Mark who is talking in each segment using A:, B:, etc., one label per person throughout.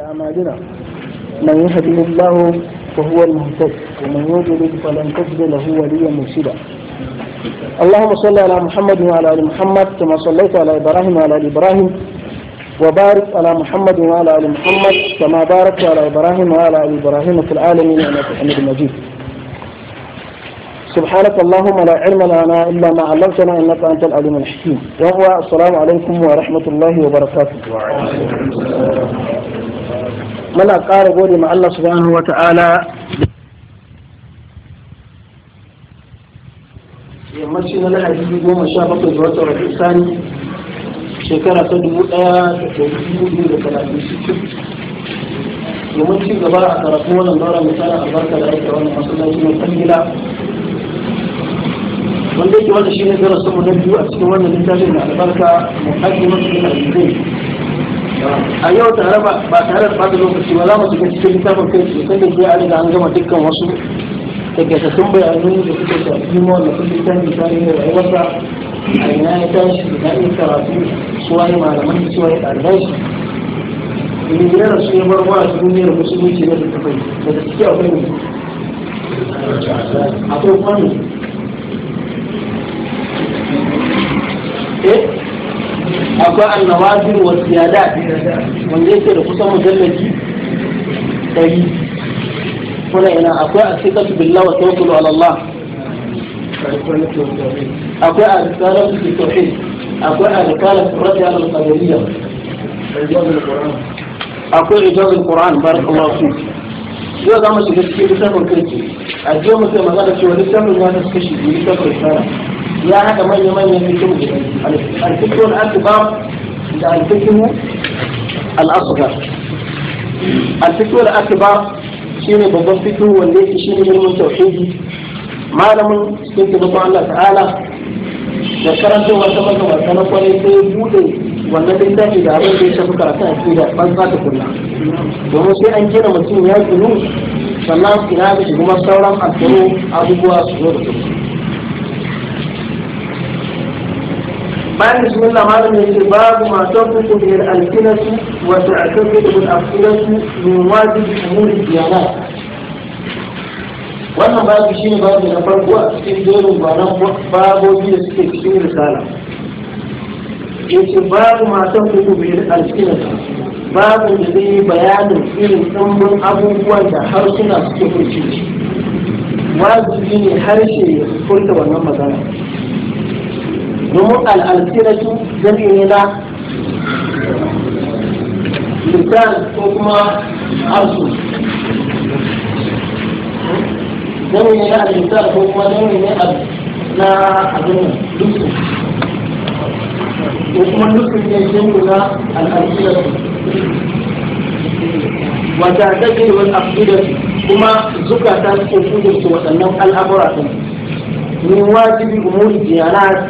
A: أعمالنا من يهدي الله فهو المهتد ومن يضلل فلن تجد له وليا مرشدا اللهم صل على محمد وعلى ال محمد كما صليت على ابراهيم وعلى ال ابراهيم وبارك على محمد وعلى ال محمد كما باركت على ابراهيم وعلى ال ابراهيم في العالمين انك حميد مجيد سبحانك اللهم لا علم لنا إلا ما علمتنا إنك أنت العليم الحكيم وهو السلام عليكم ورحمة الله وبركاته muna ƙara gode ma Allah subhanahu wa ta'ala yammaci na lahadi goma sha bakwai ga watan rafi sani shekara ta dubu daya da dubu biyu da talatin sittin domin ci gaba a karatu wannan bara misali albarka da ake wannan masallaci na kwangila wanda yake wannan shine darasin mu na biyu a cikin wannan littafin da albarka muhaddimatu min al-zayn a yau tare ba tare da fata lokaci ba za mu shiga cikin littafin kai sosai da ke a an gama dukkan wasu takaitattun bayanai da suke shafi mawallafin littafin tarihin rayuwarsa a ina ya tashi ina ya karatu suwaye malaman da suwaye ɗalibai miliyar su ya bar wa duniyar musulunci na da tafai da da akwai ne akwai kwanu Eh? akwai annawazir wa siyada wanda yake da kusan mujallaji ɗari kuna ina akwai a cikin su billah wa tawakkulu ala Allah akwai a risalar su tauhid akwai a risalar su rafi ala qadariyya akwai rijal alquran barakallahu fi yau za mu shiga cikin littafin kirki a jiya mu sai magana cewa littafin ya ta kashi biyu littafin risala ya haɗa manya-manyan fikihu alfikihu al'asubar da alfikihu al'asubar alfikihu al'asubar shi ne babban fito wanda yake shi ne ilmin tauhidi malamin cikin taimakon Allah ta'ala da karanta wata wata na kwarai sai bude wannan littafi da abin da ya shafi karatun da ban za ta kunna domin sai an gina mutum ya ginu sannan ina da shi kuma sauran alfano abubuwa su zo da su bayan bismillah malam ya ce babu ma tanfuku bil alsinatu wa ta'taqidu bil afsilatu min wajibi umuri diyanat wannan babu shi ne babu na farko a cikin jerin gwanan babobi da suke cikin risala yace babu ma tanfuku bil alsinatu babu da zai yi bayanin irin ɗumbin abubuwan da harsuna suke shi. wajibi ne harshe ya furta wannan magana domin al'alƙiratu zai ne na lisan ko kuma arsu zai ne na lisan ko kuma zai ne na abin dukkan ko kuma dukkan ne zai na al'alƙiratu wata take wani afidar kuma zukata su kudurta waɗannan al'amura ɗin من واجب الأمور الديانات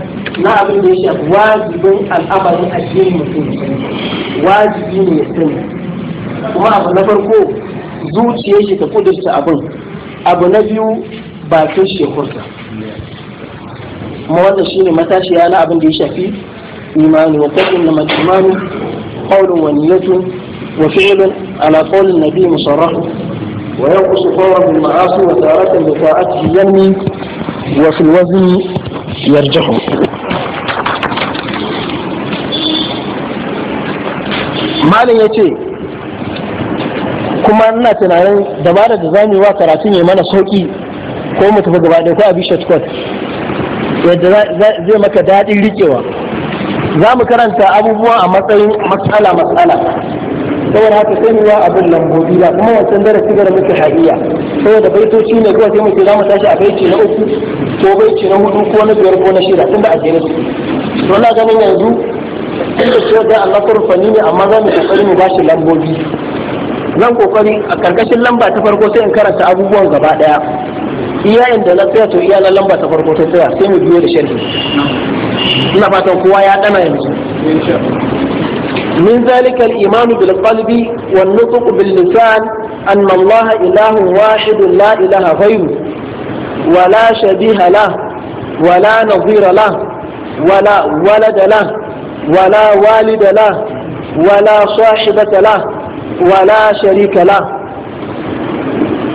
A: ما أقول لي شيء واجب الأمر الشيء المسلم واجب يسلم وما أقول لفرقه زود شيء شيء تقدر تأبون أبو نبيو باكل شيء خرطة مواد الشيء متى شيء أنا أبن دي شافي إيمان وقول إنما الإيمان قول ونية وفعل على قول النبي مصرح وينقص قوله بالمعاصي وتارة بطاعته ينمي وفي الوزن يرجح malam ya ce kuma ina tunanin dabara da za yi wa karatu ne mana sauki ko mu tafi gaba ɗaya ko a bishop court yadda zai maka daɗin riƙewa za mu karanta abubuwan a matsayin matsala matsala saboda haka sai mu yi abin lambobi ba kuma wancan darasi gara muke hadiya saboda baitoci ne kawai sai muke za mu tashi a baiti na uku ko baiti na hudu ko na biyar ko na shida tun da a jere su to Allah ganin yanzu inda shi da Allah kurfani ne amma za mu kokari mu bashi lambobi zan kokari a karkashin lamba ta farko sai in karanta abubuwan gaba daya iya inda na tsaya to iya na lamba ta farko ta tsaya sai mu biyo da sharhi ina fatan kowa ya dana yanzu من ذلك الإيمان بالقلب والنطق باللسان أن الله إله واحد لا إله غيره ولا شبيه له ولا نظير له ولا ولد له ولا والد له ولا صاحبة له ولا شريك له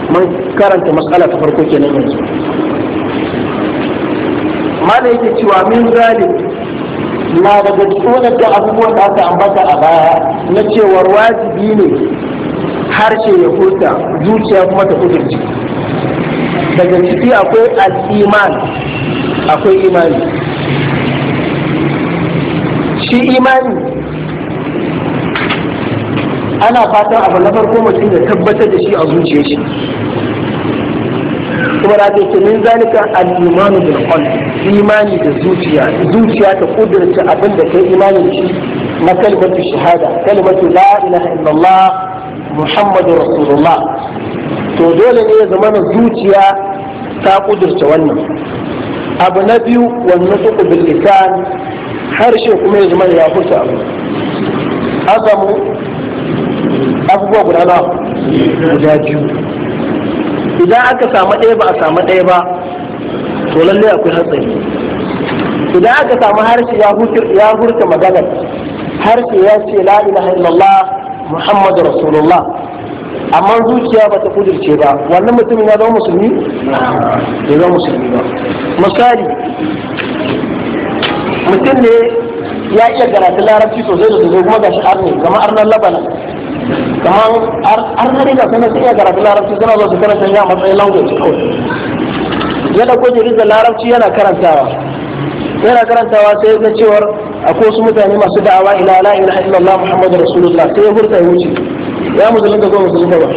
A: من كرنت مسألة فرقوك ما ليك من ذلك na daga cikin waɗanda abubuwan da aka ambata a baya na cewar wajibi ne harshe ya furta zuciya kuma ta kudurci daga ciki akwai iman akwai imani shi imani ana fatan abu na farko mutum da tabbatar da shi a zuciyar shi saboda haka yake min zalika al-imanu bil qalb imani da zuciya zuciya ta kudurta abin da kai imani shi na kalmatu shahada kalmatu la ilaha illallah muhammadu rasulullah to dole ne ya zama zuciya ta kudurta wannan abu na biyu wannan su bil lisan harshe kuma ya zama ya furta abu Azamu abubuwa guda na guda biyu idan aka samu ɗaya ba a samu ɗaya ba to lallai akwai hatsari idan aka samu harshe ya hurta magana harshe ya ce la ilaha illallah muhammadu rasulullah amma zuciya ba ta kudirce ba wannan mutumin ya zama musulmi ya zama musulmi ba misali mutum ne ya iya karatu larabci sosai da sosai kuma gashi arni kamar arnan labanan kamar har na riga iya karatu larabci suna zo su karanta ya matsayin language larabci yana karantawa yana karantawa sai ga cewar akwai wasu mutane masu da'awa ila la ilaha illallah muhammadu rasulullah sai ya hurta ya wuce ya musulunta ko musulunta ba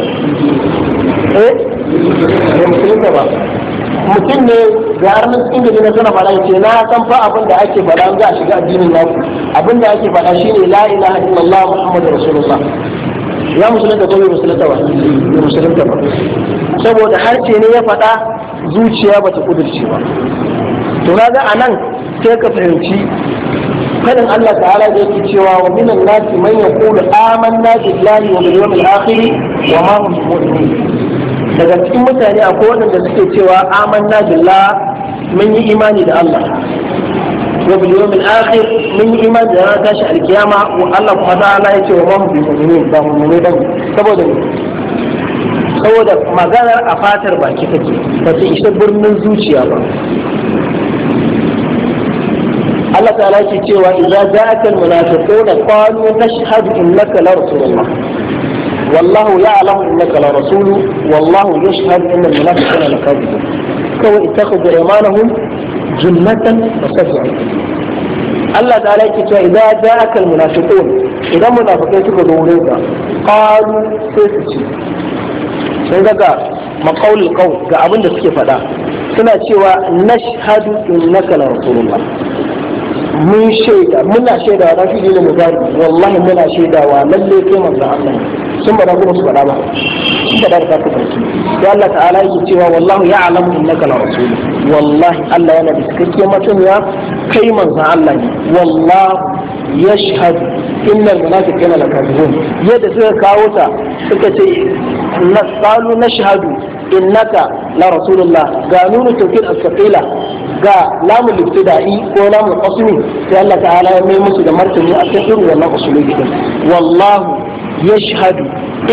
A: eh ya musulunta ba mutum ne ga cikin ingili na suna fara ce na san fa abin da ake faɗa za a shiga addinin naku abin da ake faɗa shine la ilaha illallah muhammadu rasulullah ya musulunta ko bai musulunta ba bai musulunta ba saboda harshe ne ya faɗa zuciya ba ta kudurce ba to kaga anan sai ka fahimci fadin Allah ta'ala da yake cewa wa minan nasi man yaqulu amanna billahi wa bil yawmil akhir wa ma hum mu'minin daga cikin mutane akwai wanda suke cewa amanna billah mun yi imani da Allah وباليوم الآخر من إيمان da rana tashi alkiyama Allah kuma ta'ala ya ce wa mahu bi mu'minin ba mu'mini ba saboda saboda maganar a fatar baki take ba ta isa birnin zuciya ba Allah ta'ala ke cewa idza ja'aka al-munafiquna qalu nashhadu innaka la rasulullah wallahu ya'lamu innaka la rasulu wallahu yashhadu innal munafiqina lakadibun kawai ittakhadhu aymanahum junnatan wa safi'a Allah ta'ala yake cewa idan ja'akal munafiqun idan munafiqai suka zo wurin ka qalu sai su ci sun ga maqaul qaul ga abin da suke faɗa suna cewa nashhadu innaka la rasulullah mun shaida muna shaidawa na fili ne mudari wallahi muna shaida wa lalle kai manzo Allah sun bada kuma su bada ba sun bada da ku barki to Allah ta'ala yake cewa wallahu ya'lamu innaka la rasul wallahi Allah yana da cikakken masaniya kai manzo Allah ne wallahu yashhadu innal munafiqina lakazibun yadda suka kawo ta suka ce nasalu nashhadu innaka la rasulullah ga nunu tawkid as-saqila ga lamu libtida'i ko lamu qasmi sai Allah ta'ala ya mai musu da martani a cikin irin wannan usulubi din wallahu yashhadu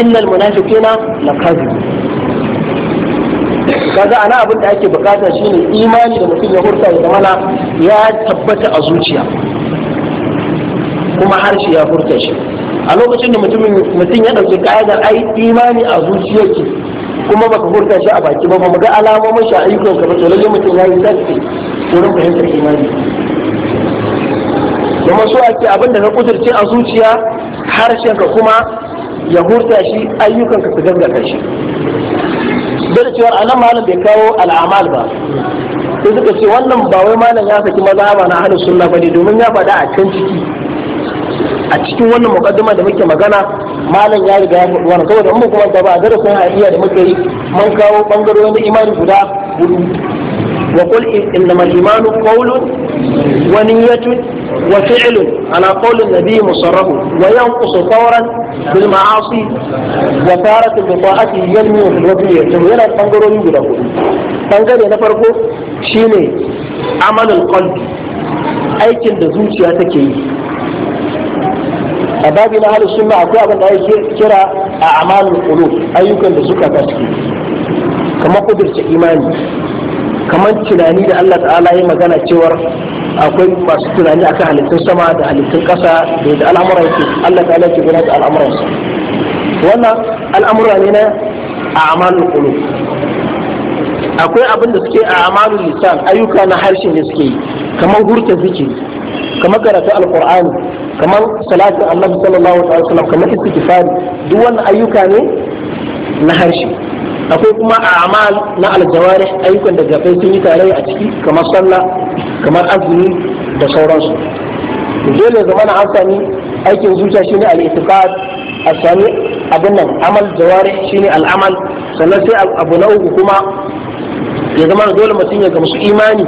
A: innal munafiqina laqad kaga ana abin da ake bukata shine imani da mutum ya hurta ya mana ya tabbata a zuciya kuma harshe ya furta shi a lokacin da mutum ya ɗauki ka'idar ai imani a zuciyarki kuma baka furta shi a baki ba ba ga alamomin shi a ayyukan ka ba to lalle mutum yayi sassi wurin fahimtar imani kuma so ake abin da ka kudurce a zuciya harshen ka kuma ya hurta shi ayyukan ka su gaggata shi da cewa anan malam bai kawo al'amal ba sai suka ce wannan ba wai malam ya saki maza ba na ahlus sunna bane domin ya faɗa a kan ciki a cikin wannan mukaddima da muke magana malam ya riga ya faɗi wannan saboda in kuma da ba a darasin hadiya da muke yi mun kawo bangarorin da imani guda hudu wa qul innama al-imanu qawlun wa niyyatun wa fi'lun ala qawli nabi musarrahu wa yanqusu fawran bil ma'asi wa taratu bi ta'ati yanmi wa bil yana bangarorin guda hudu bangare na farko shine amalul qalbi aikin da zuciya take yi a babi na halin sunna akwai abin da ake kira a amalin kulu ayyukan da suka gaske kamar kudurce imani kamar tunani da Allah ta'ala ya magana cewar akwai masu tunani a kan halittun sama da halittun ƙasa da yadda al'amura yake Allah ta'ala ke gudanar da al'amuran su wannan al'amura ne na a amalin kulu akwai abin da suke a amalin lisan ayyuka na harshen da suke yi kamar hurta zikiri kamar karatu alkur'ani kamar salatin annabi sallallahu alaihi wasallam kamar istighfari duk wani ayyuka ne na harshe akwai kuma a'mal na aljawarih ayyukan da gafai sun yi tare a ciki kamar sallah kamar azumi da sauransu dole zamana an amfani aikin zuciya shine al-i'tiqad a sami abin nan amal jawarih shine amal sannan sai abu na uku kuma ya zama dole mutum ya gamsu imani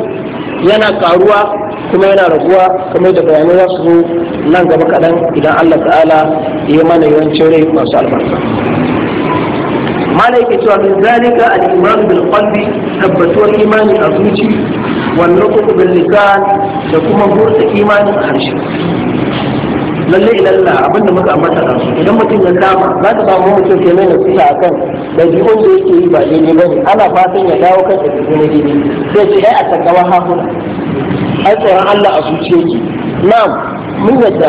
A: yana karuwa kuma yana raguwa kamar da bayanai za su zo nan gaba kaɗan idan Allah ta'ala ya mana yawancin rai masu albarka malai ke cewa min zalika al-iman bil qalbi tabbatuwar imani a zuci wa kuma bil lisan da kuma burta imani a harshe lalle ilalla abinda abinda muka ambata da su idan mutum ya kama za ka samu mutum ke mai nasiha akan da dabi'un da yake yi ba daidai ba ne. ana fatan ya dawo kan da na daidai sai ce ai a tsakawa hakuna ai tsoron Allah a zuciya ki. na'am mun yadda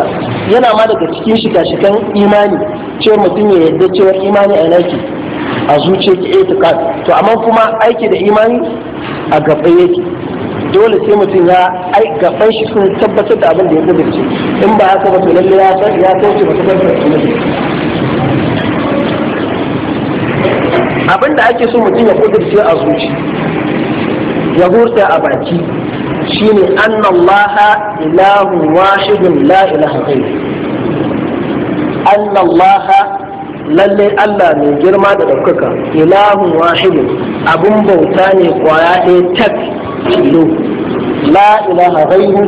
A: yana ma daga cikin shiga shikan imani ce mutum ya yadda cewar imani a yanaki a zuciyarki eh, itiqad to amma kuma aiki da imani a gaba yake dole sai mutum ya ai gaban shi sun tabbatar da abin da ya ce in ba haka ba to lalle ya san ya kauce ba tabbatar da kudurce abin da ake so mutum ya kudurce a zuci ya hurta a baki shine annallaha ilahun wahidun la ilaha ghairu annallaha lalle Allah mai girma da ɗaukaka ilahun wahidun abin bauta ne kwaya ɗaya tak illu la ilaha ghairu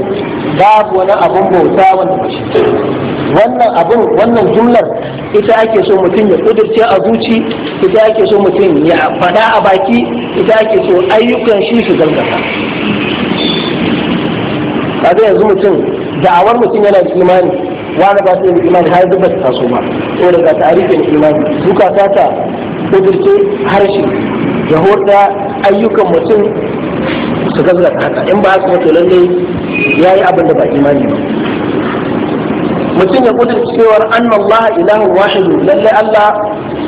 A: babu wani abun bauta wanda shi wannan abun wannan jumlar ita ake so mutum ya kudirce a zuci ita ake so mutum ya faɗa a baki ita ake so ayyukan shi su gargasa zai yanzu mutum da'awar mutum yana da imani wani ba su da imani har zuba ta taso ba saboda ga tarihin imani duka ta ta kudirce harshe ya hoda ayyukan mutum su gazgata haka in ba haka to lallai ya yi abin da ba imani ba mutum ya kudin cewar annallaha ilahun wahidu lallai Allah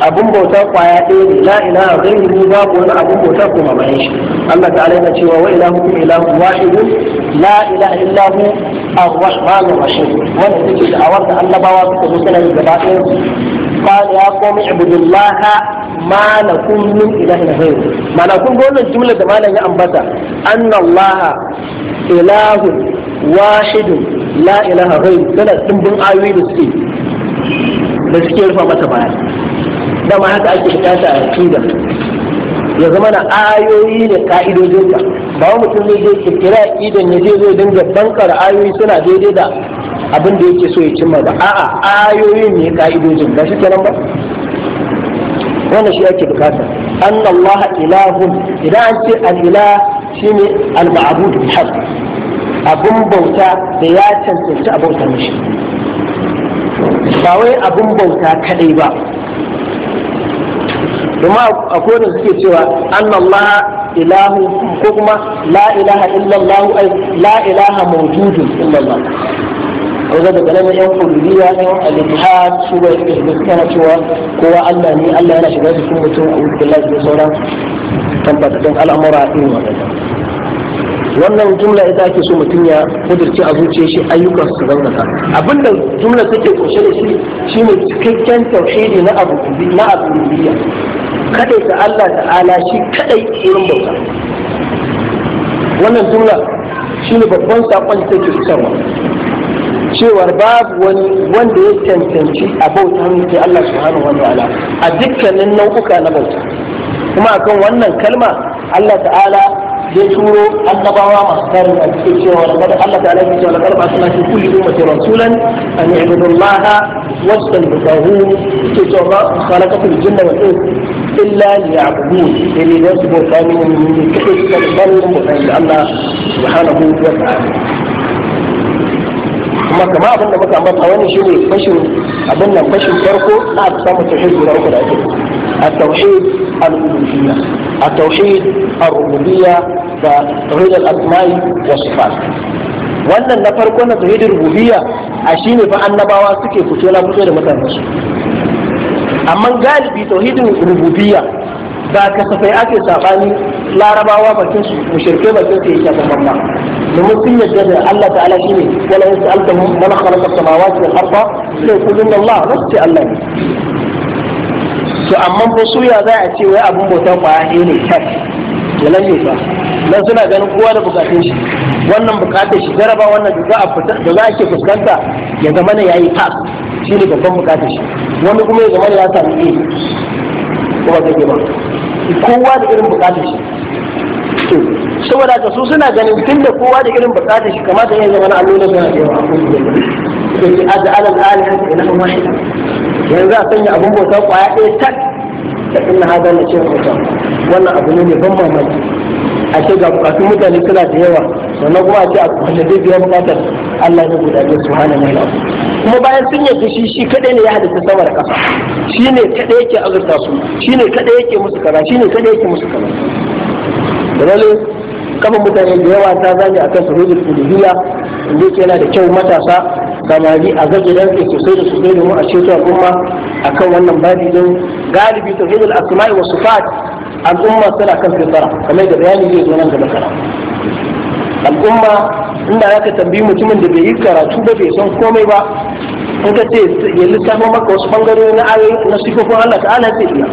A: abun bauta kwaya ɗaya ne la ilaha ghairuhu babu wani abun bauta kuma bayan shi Allah ta'ala yana cewa wa ilahukum ilahun wahidu la ilaha illahu ar-rahmanur rahim wannan ita ce da'awar da annabawa suka zo suna gaba ɗaya قال يا قوم اعبدوا الله ما لكم من اله غيره ما لكم قول الجمله ده ما لن ينبت ان الله اله واحد لا اله غيره ده da suke da suke rufa mata baya dama haka ake bukata a aqida ya zama na ayoyi ne ka ba wa mutum zai kira kirkira aqidan ya je zai dinga bankar ayoyi suna daidai da abin da yake so ya cimma ba a'a ayoyin ne ka'idojin ba shi kenan ba wannan shi ake bukata anna Allah ilahun idan an ce al-ilah shine al-ma'bud bil abin abun bauta da ya cancanci a bautar mishi ba wai abun bauta kadai ba kuma akwai da suke cewa annallah ilahu ko kuma la ilaha illallah ai la ilaha mawjudun illallah ko da kalamin yan kulliya yan al-ihad su ba su kana cewa kowa Allah ne Allah yana shiga cikin mutum a wurin Allah da sauran tabbatattun al'amura irin wannan wannan jumla ita ake so mutum ya kudurci a zuciyar shi ayyukan su zaunata abinda jumla take kunshe da shi shine cikakken tauhidi na abu na abu kadai ta Allah ta'ala shi kadai wurin bauta wannan jumla shi ne babban sakon da take fitarwa. cewar babu wani wanda ya cancanci a bauta mutum Allah subhanahu wa ta'ala a dukkanin nau'uka na bauta kuma akan wannan kalma Allah ta'ala zai turo annabawa masu tarin a cikin cewa da kada Allah ta'ala ya ce wa kalma suna cikin kulli ummatin rasulan an ibudullaha wasan bisahu ke cewa ma khalaqatul jinna wal ins إلا ليعبدون اللي يعني يصبوا كانوا من كثر ظلم وعند الله سبحانه وتعالى ما كما أظن ما كان بطل وين شو اللي فشل أظن فشل فرقه لا تسمى التوحيد ولا ركض التوحيد الألوهية التوحيد الربوبية وتوحيد الأسماء والصفات wannan na farko na tsohidin rubiya a shi ne fa annabawa suke kuce la kuce da mutane su amma galibi tauhidin rububiyya ba kasafai ake sabani larabawa bakin su mushrike bakin su yake babban ba domin sun yarda da Allah ta'ala shine wala yas'alukum man khalaqa samawati wal arda sai kullun Allah wasu Allah to amma ba su ya za a ce wai abun bauta kwaya ne tak yalan ne ba dan suna ganin kowa da bukatun shi wannan bukatar shi jaraba wannan da za a da za a ke fuskanta ya zama ne yayi pass shi ne babban bukatar shi wani kuma ya zama ya sami iya kuma ke ba kowa da irin bukatar shi saboda ka su suna ganin tun da kowa da irin bukatar shi kamata ya zama na allolin suna da yawa to ki aza alal alihin ila wahida yanzu a sanya abin bauta kwaya ɗaya tak da inna hada na ce bauta wannan abu ne mai ban mamaki a ce ga bukatun mutane suna da yawa sannan kuma a ce a kwallabe biyan bukatar Allah ya gudanar hana mai ta'ala kuma bayan sun yadda shi shi kadai ne ya halitta sama da kasa shi ne kadai yake azurta su shi ne kadai yake musu kaza shi ne kadai yake musu kaza da lalle kafa mutane da yawa ta zage akan suhudul uluhiyya inda yake yana da kyau matasa samari a zage dan ke sosai da sosai domin a ceto al'umma a kan wannan babi don galibi tauhidul asma'i wa sifat al'umma tana kan fitara kamar da bayani zai zo nan gaba kana al'umma inda za ka tambayi mutumin da bai yi karatu ba bai san komai ba in ka ce ya lissafa maka wasu bangarori na ayoyi na sifofin Allah ala sai iya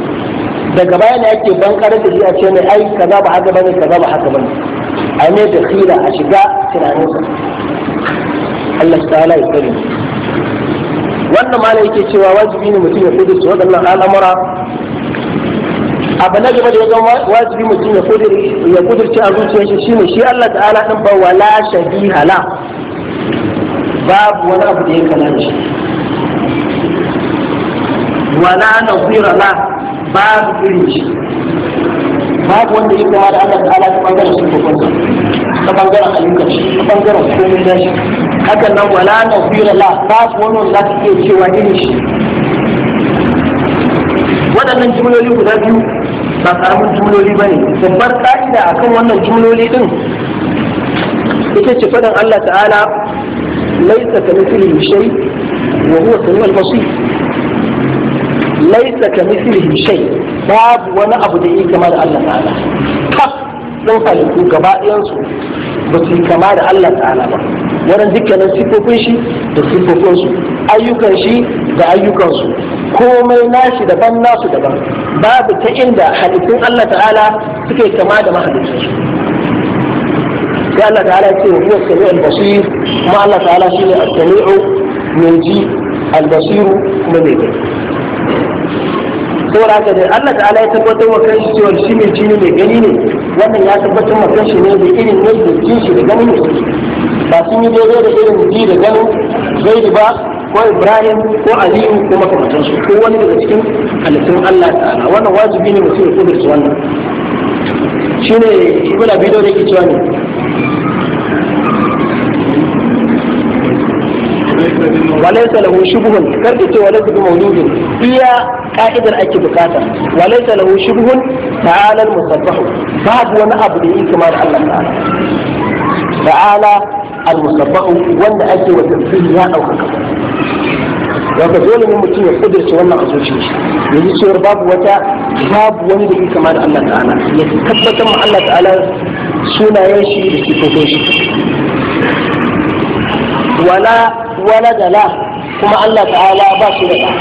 A: daga baya ne ake bankar da shi a ce ne ai kaza ba haka bane kaza ba haka bane a ne da khira a shiga tunaninsa Allah ala ya kare wannan malai yake cewa wajibi ne mutum ya kudu su waɗannan al'amura abu na gaba da ya zama wajibi mutum ya kudirce ya kudirce a zuciyar shi shine shi Allah ta'ala din ba wala shabiha la babu wani abu da ya kana shi wala nazira la babu irin shi babu wanda ya kama da Allah ta'ala ta bangaren su kokon ta bangaren ayyukan shi ta bangaren komai da shi hakan nan wala nazira la babu wani wanda za iya cewa irin shi waɗannan jimloli guda biyu ba karamin jumloli ba ne babbar ka'ida kan wannan jumloli din ita ce faɗin Allah ta'ala laisa ka mithlihi shay wa huwa samiul basir laisa ka mithlihi shay babu wani abu da yake kama da Allah ta'ala kaf dan halittu gaba ɗayan su ba su yi kama da Allah ta'ala ba wannan dukkanin sifofin shi da sifofin su ayyukan shi da ayyukan su komai nashi daban nasu daban babu ta inda halittun Allah ta'ala suke kama da mahalicci sai Allah ta'ala ya ce wa sami sami'ul basir kuma Allah ta'ala shi ne al samiu mai ji al-basiru kuma mai gani saboda haka da Allah ta'ala ya tabbatar wa kanshi cewa shi mai ji ne mai gani ne wannan ya tabbatar wa kanshi ne da irin yadda ji shi da ne ba sun yi daidai da irin ji da gani gaidu ba ko Ibrahim ko Aliyu ko makamantansu ko wani daga cikin halittun Allah ta'ala wannan wajibi ne mutum ya kudurta wannan shine ibn abi dawud yake cewa ne وليس له شبه كرت وليس بمولود هي قاعدة أكي بكاتا وليس له شبه تعالى المسبح باب وانا أبو كما الله تعالى تعالى المسبح وانا أكي وتنفيه أو كما haka dole ne mutum ya kudurce wannan a zuciyar shi yanzu cewar babu wata babu wani da ke kama da Allah ta'ala ya tabbatar ma Allah ta'ala sunayen shi da sifofin shi wala wala da la kuma Allah ta'ala ba shi da ɗa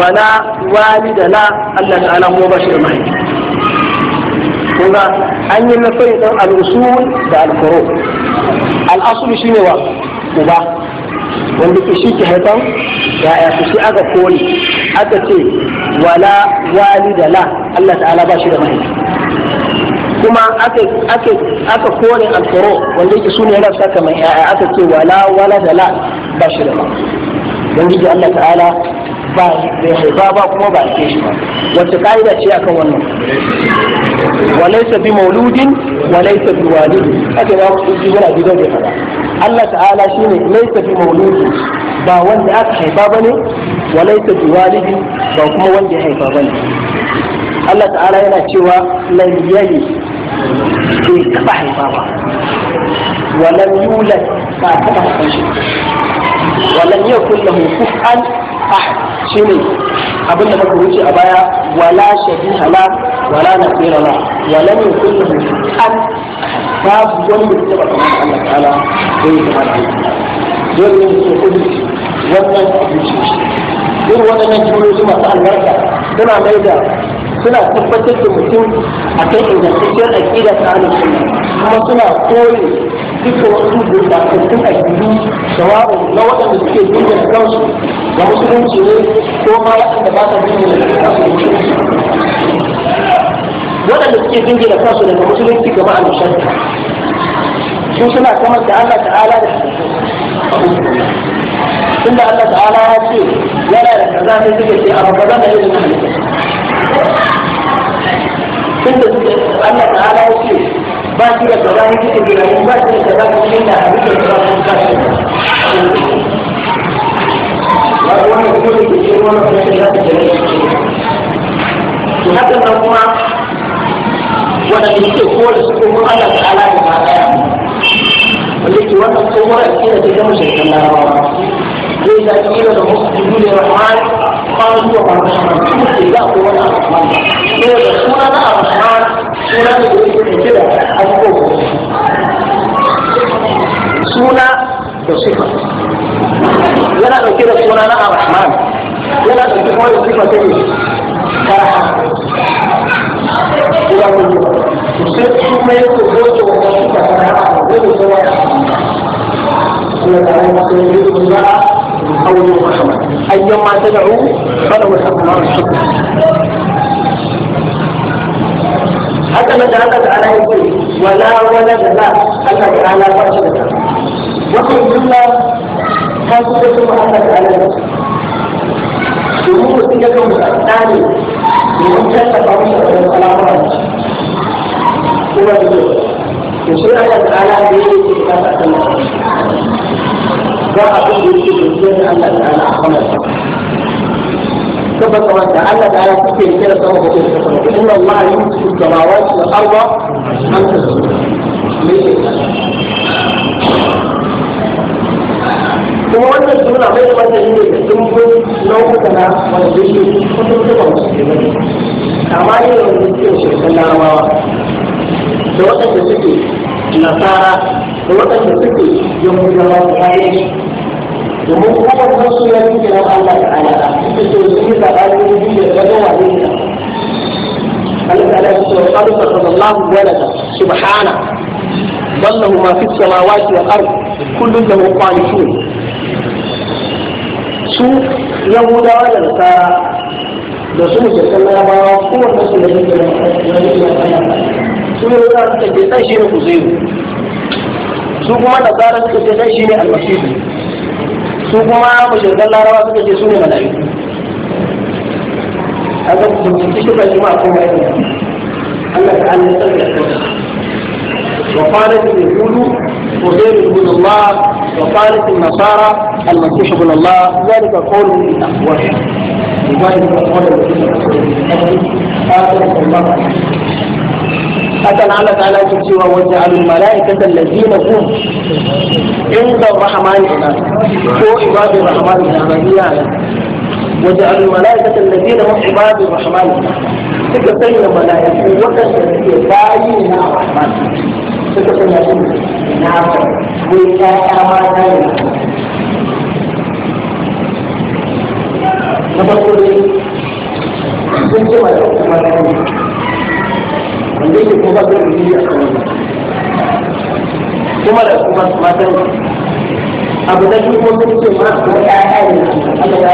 A: wala wali da la Allah ta'ala kuma ba shi da mahaifi Kuma an yi na al al'usul da al-furu al-asulu shine wa uba wanda ke shi ke haifan ya'ya su sai aka koli, aka ce wala wali da la Allah ta'ala ba shi da mahaifi kuma aka kore alfaro wanda yake yana saka kamar ya'ya aka ce wala wala da la ba shi da mahaifi wanda Allah ta'ala ba bai haifa ba kuma ba ake shi ba wacce ka'ida ce akan wannan walaisa bi mauludin walaisa bi walidi ake ba ku ji wala bi zai fada Allah ta'ala shine laisa bi mauludi ba wanda aka haifa bane walaisa bi walidi ba kuma wanda ya haifa bane Allah ta'ala yana cewa lan yali bai taba haifa ba walam yulad ba taba haifa shi walam yakul lahu kufuwan ahad shine abin da muka wuce a baya wala shabiha la wala nasira la wala min kulli an babu wani da taba kamar Allah ta'ala da ya kamar Allah dole ne su kudu wannan abu ce irin waɗannan jimloli masu albarka suna mai da suna tabbatar da mutum a kan ingantacciyar aƙida ta ahlus sunna kuma suna kore duka wasu gurbatattun addini sawa'un na waɗanda suke da kansu ga musulunci ne ko ma waɗanda ba sa da kansu waɗanda suke da kansu daga musulunci gaba a mushanta su suna kamar da Allah ta'ala da tunda Allah ta'ala ya ce yana da kaza sai suke ce a ba da yin tun da suka Allah ta ala ce ba shi da gaba ne kike da ba shi da gaba ne kike da abin da ba ku ka shi wannan kuma da ke cikin wannan kuma da ta jira to haka nan kuma wanda ke ko da suka kuma Allah ta ala da ba daya wanda ke wannan tsohuwar akira ta gama shirkan larabawa 现在一个什么经济的发帮助啊什么的都比较多啦，嘛。这个苏拉那阿曼，苏拉的经济现在还不错。苏拉有希望。原来这个苏拉那阿曼，原来这个贸易情况怎么样？啊，原来有，现在苏梅有欧洲和日啊！的贸易往来，原来我们这个国啊。أو يوم أحد أيما تدعو فله الحق حتى ما تعقد على يقول ولا ولد لا الله على فرشدك وكل جملة تنقل ثم أخذت على نفسك جمهور تلك الثاني من كلمة قوية على فرج هو الجمهور يشير على تعالى بيده في كتاب الله a abin da yake kunshe da Allah ta'ala a kan sa saboda wanda Allah ta'ala take rike da sama da sama inna Allah yumsiku samawati da arda an tazulu kuma wannan suna bai wanda ne da dimbin nau'uka na wanda yake ke zuwa musulmai amma yin wanda suke shirkan larabawa da waɗanda suke nasara da waɗanda suke yahudawa da kayan domin kuma kuma su ya fi kenan Allah ta'ala da so su yi tsakanin biyu da gado wa ne Allah ta'ala ya ce wa qad sallallahu walada subhana ballahu ma fi samawati wal ard kullun lahu qanitun su yahudawa da nasara da su ne kan larabawa kowanne su da yake su ne za su tafi ɗan shi ne ku zai su kuma da tsarin su ce ɗan shi ne almasihu su kuma mushrikan larawa suka ce su ne mala'iku haka su ci shi bai kuma akwai wani Allah ta Allah ta tsarkake wa qalat al-yahudu uzair ibn Allah wa qalat an-nasara al-masih ibn Allah zalika qawlun min afwahihim وذلك قول الرسول صلى الله عليه وسلم hakan Allah ta'ala ke cewa wa ja'alul mala'ikata allazina hum inda rahmani ko ibadur rahmani al-aziyya wa ja'alul mala'ikata allazina hum ibadur rahmani suka sanya mala'iku waɗanda suke bayi na rahman suka sanya su na haka ko ya ya mata ne
B: na farko ne sun ce
A: mala'iku mala'iku Anda ingin membantu diri atau tidak? Cuma ada sebuah semacam Abu Dhabi pun tentu semua berkaitan atau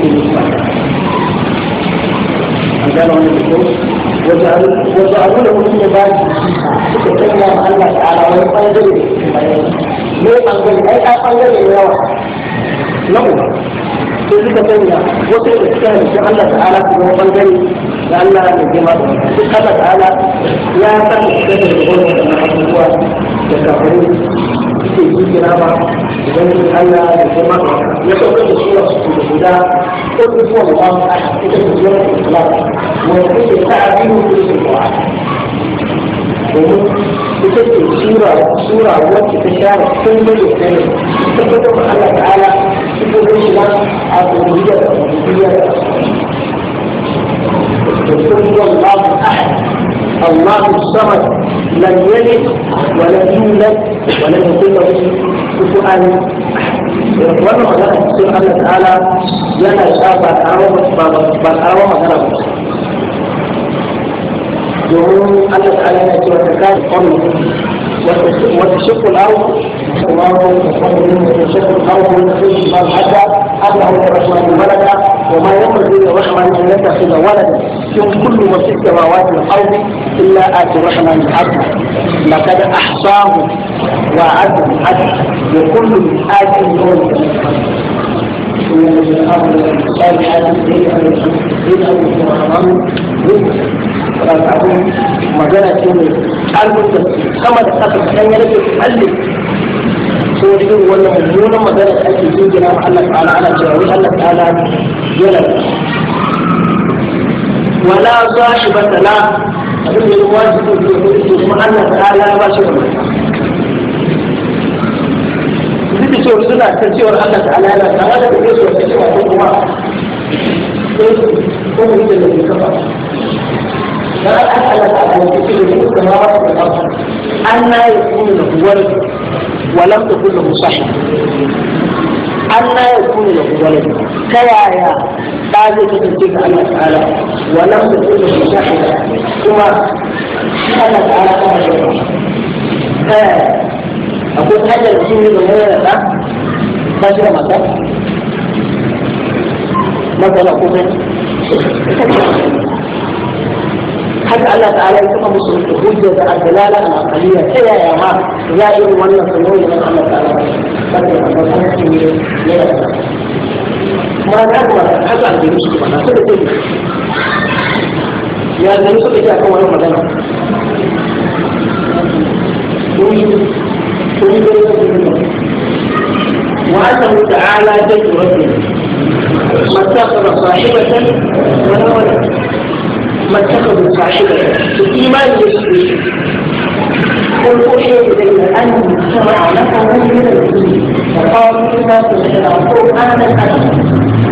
A: ada وجعلوا له من عباد فكتبنا الله تعالى ويقال له ليه انقل اي اقل له يا واحد sai suka sanya wasu da suka halitta Allah ta'ala su zama bangare da Allah Allah ta'ala ya san da da gwamnati da abubuwa da suke yi kira ba idan Allah ya sauka da su da guda ko su zuwa da ita zuwa da wanda ta abinu su domin ita ce sura sura wacce ta sun da ne Allah ولم يكن له كفوا wannan magana cikin Allah ta'ala yana sha ba kawo ba ba kawo magana ba domin Allah ta'ala yana cewa ta kare kwanu wata shakku lawo kuma wani wata shakku lawo wani sai ba hada Allah ya rahama da malaka wa ma yamru da rahman an yattakhidha walada in kullu ma fi samawati wal ardi illa ati rahman abda laqad ahsahu وعد الحج لكل الحاج يوم من الأمر الصالح بين أبو محرم رفعهم مجالة المدة كما ذكرت كان يرجع يحلل سوري ولا مليون مجالة أي زوج نعم الله تعالى على جواري الله تعالى جلد ولا صاحبة لا أبن الواجب في حدود الله تعالى باشر cewar suna ta cewar Allah ta'ala yana ta hada da yesu wata cewa ko kuma ko mu da ke kafa dan Allah ta'ala ta hada da cewa mu kuma ba ta kafa an na yi kuma da huwar walam ta kullu musahih an na yi kuma da huwar ta yaya ta zai kasance ga Allah ta'ala walam ta kullu musahih kuma Allah ta'ala ta hada da eh, akwai hanyar sun da wani da ba shi da mata matsala ko kai haka Allah ta'ala ya kuma musu da hujja da al-dalala al-aqliya ta yaya ma za a yi wannan sunnoni na Allah ta'ala ba ta da wannan shi ne ne ma da kuma haka an yi shi kuma sai da kai ya zai suka ji akan wannan magana kun yi kun yi وأنه تعالى جد ربنا ما اتخذ صاحبة ولا ولد ما اتخذ صاحبة الإيمان يشرك قل أوحي إلي أن شرع لكم من الدين فقالوا إنا سمعنا آمنا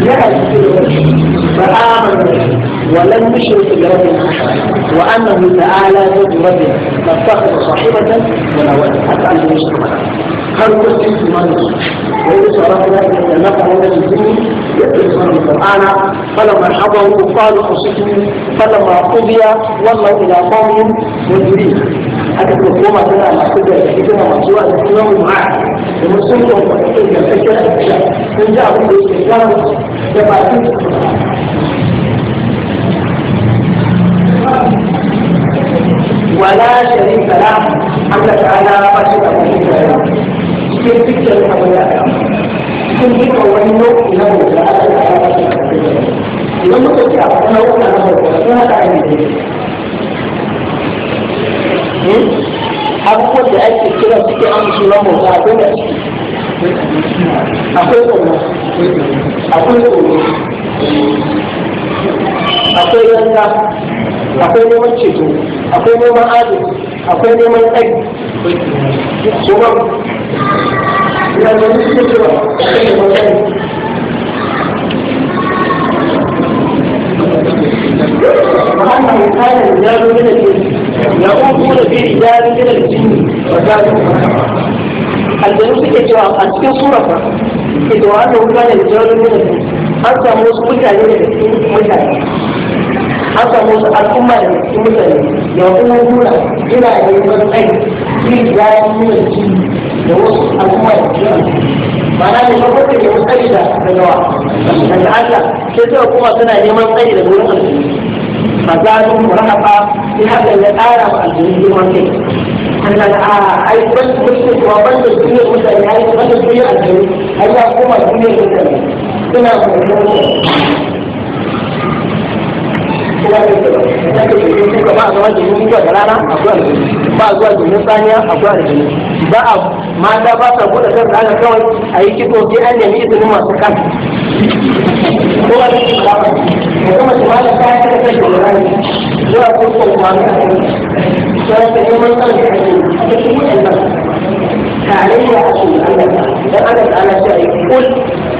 A: لا أشرك فآمنوا ولم يشرك أحد وأنه تعالى جد ربنا ما اتخذ صاحبة ولا ولد حتى أن يشرك هل قلت إيمان يشرك وإن صرفنا إلى نفر للجن يدرسون القرآن فلما حضروا قالوا أنصتوا فلما قضي ولوا إلى قوم منذرين aka kuma koma tana masu da hikima masu wa da kuma mu ma domin sun yi wa kai da kake da da da su Allah ta'ala ba shi da wani cikin fikirin da cikin duka wani nau'i na bauta aka idan muka ce a na a ne hmm? abubuwan da ake kira suke na akwai da akwai tsoro akwai tsoro akwai yanka akwai neman ceto akwai neman akwai neman tsari ya zo ne suka cewa kai da mutane وأنه كان رجال من an samu wasu mutane cikin mutane an samu wasu al'umma cikin mutane da yawan aiki ji ya yi da wasu al'umma da ke mana da farko da ke tsari da daga wa daga Allah sai suka kuma suna neman tsari da wurin aljihu fasalin murhaba sai haka ya tsara ma aljihu girman kai Allah a ai ban da kuma ban da duniyar mutane ai ban da duniyar aljihu ai ya koma duniyar mutane suna kuma ba a zama domin zuwa da rana akwai aljanu ba zuwa domin tsaniya akwai aljanu ba a mata ba sa buɗe kan rana kawai a yi kiɗo sai an nemi izinin masu kan ko a cikin kama ko kuma shi malam ta yi da rana zuwa ko ko kuma ne a ta yi mai kan da ake ta shi ne nan tarayya a cikin Allah dan Allah ta ala yi kul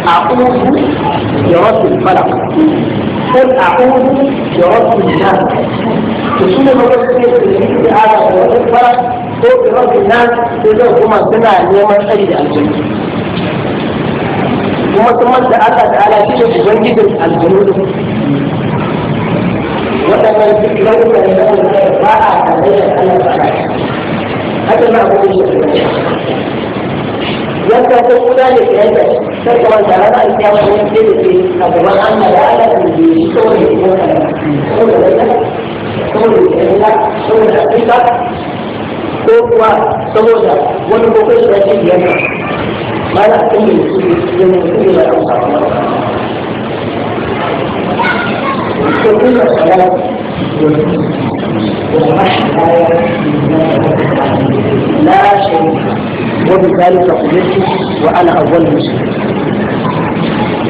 A: a kuma da wasu قل أعوذ برب الناس تسمى الرب السيد الذي بآدم والإكبر هو برب الناس إذا هما سنة يوم الأجل الجنة kuma sun manta Allah ta'ala shi ne ubangijin aljanu waɗannan duk raunukan da ba a tare da Allah ta'ala haka na abubuwan shi yanka ko suna ne ka yanka sai ka wanda rana a kiyama wani ce da ke a gaban Allah da ala da ke yi saboda ke da saboda da saboda ko yanka saboda ko kuwa saboda wani kokon shi rashin yanka ba na kan yi su yanka su ne ba kan samu ba. Ko kuma لا شيء وبذلك قدرت وانا اول مسلم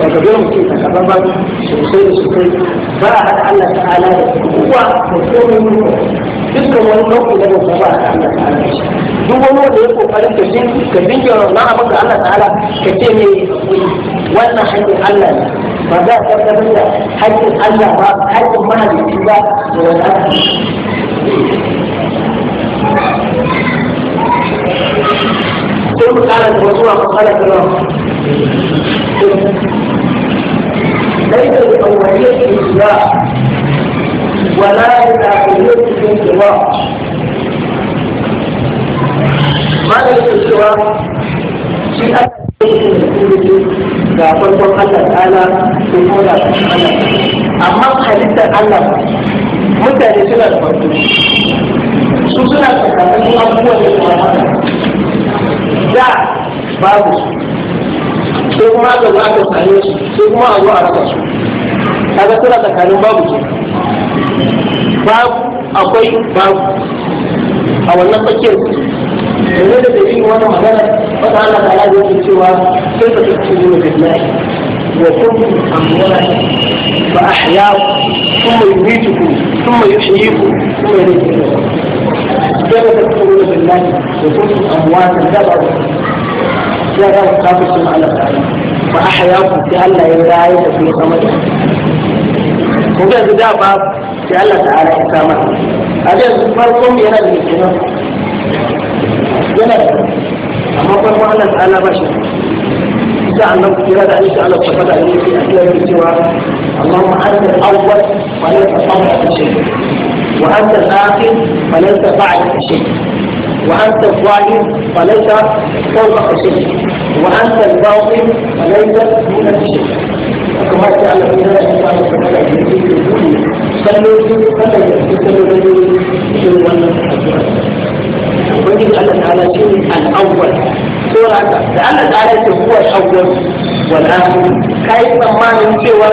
A: وكبيرهم كيف تكبر سلسلة سلسلة فأحد الله تعالى هو مفهوم منه dukkan wani nau'i na bauta ba ta Allah ta'ala duk wani wanda ya kokarin ka jin ka jin jaron na abin da Allah ta'ala ka ce ne wannan hanyar Allah ne ba za a tabbatar da haƙƙin Allah ba haƙƙin mahalicci ba da wadata sai mu kara da wasu masu kala da rawa ليس لأولية الإسلام ولا لآخرية الانتظار ماذا الانتظار؟ شيئا ga farkon Allah ta'ala ko kuma ga Allah amma halittar Allah mutane suna da farko su suna tsakanin abubuwan da kuma haka da babu sai kuma aka zo aka same su sai kuma a zo a rasa su kaga suna tsakanin babu ke babu akwai babu a wannan tsakiyar game da dalilin wannan magana wata Allah ta lafi yake cewa sai ka tafi zuwa billahi wa kuntum amwala fa ahyaakum thumma yumitukum thumma yuhyikum thumma ilayhi turja'un sai ka tafi zuwa billahi wa kuntum amwala da ba ya ga kafin sun Allah ta'ala fa ahyaakum sai Allah ya rayu da kuma sama da ko ga da ba sai Allah ta'ala ya kama a yanzu farkon yana da kenan yana da amma farko Allah ta'ala ba shi da Allah kira da Allah ta'ala ta fada ne sai Allah ya cewa Allahumma anta al-awwal wa la tasawwa shay wa anta al-akhir wa la tafa'al shay wa anta al-zahir wa la tafawqa shay wa anta al-batin wa la tafawqa shay kuma sai Allah ya kira da Allah ta fada ne sai Allah ya kira da Allah ta fada ne sai Allah ya kira da Allah ta fada ne ربنا قال تعالى كن الاول سورة لأن تعالى هو الأول والآخر كيف ما من سوى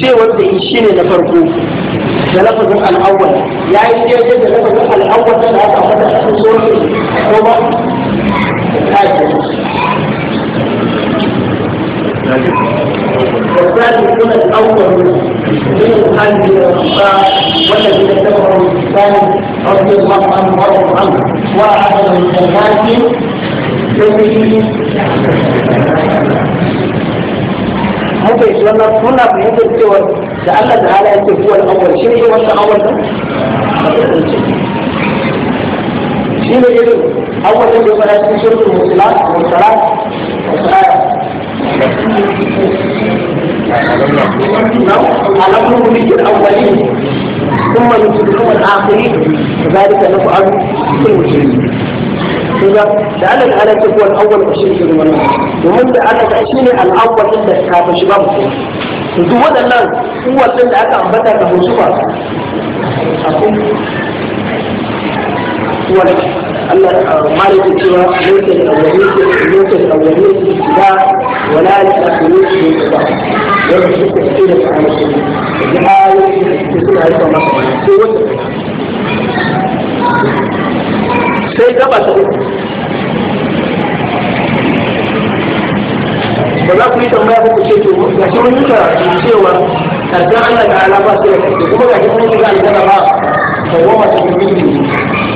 A: سوى الإنشين لفرقو يعني لفظ الأول يا إنسي أجد لفظ الأول لا تأخذ أحسن سورة هو الآخر آية. والثاني السنة الأول من الحج والأنصار والذين اتبعوا الإسلام رضي الله عنه ورضوا عنه وأعلم الجنات يومه muka yi wannan muna fahimtar cewa da Allah da hala yake kuwa awal shi ne wannan awal da shi ne irin awal da ya fara cikin shirkin musulat musulat musulat
B: على أمر الأولين
A: ثم يصبحون الآخرين وذلك نفعل في المسلمين إذا لأن الآلة هو الأول عشرين في المنام ومن الآلة عشرين الأول إلا كافة شباب yanzu waɗannan kuwatsun da aka ambata da musu ba a kuma Allah a cewa laysa lil awwaliyati laysa lil awwaliyati ibtida wa la lil akhirati ibtida wannan shi ke cikin da ana shi da shi da suna haifa masa sai wata sai gaba ta uku ba za ku yi tambaya ba ku ce to ga shi wani ka cewa karshen Allah da alaba sai da kuma ga shi wani ga alaba ba ta goma ta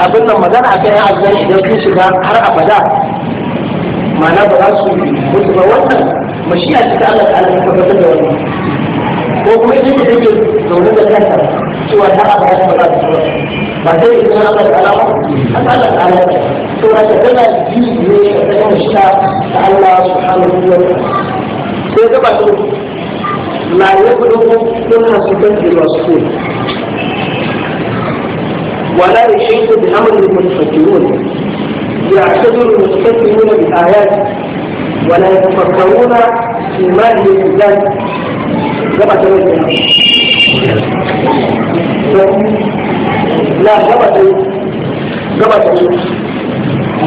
A: abin nan magana a kan azan idan sun shiga har abada ma'ana ba za su mutu ba wannan mashiya ce Allah ta Allah ta da wannan ko kuma idan da take zaune da kanta cewa ta abada ba za su ba sai idan Allah ta Allah ta Allah ta Allah to da kana ji ne da mashiya ta Allah subhanahu wa ta'ala sai ga ba su la yakunu kunna sukan ila rasul ولا يشيك بأمر المتفكرون يعتذر المتفكرون بالآيات ولا يتفكرون في ماله الذات جبت لا جبت جبت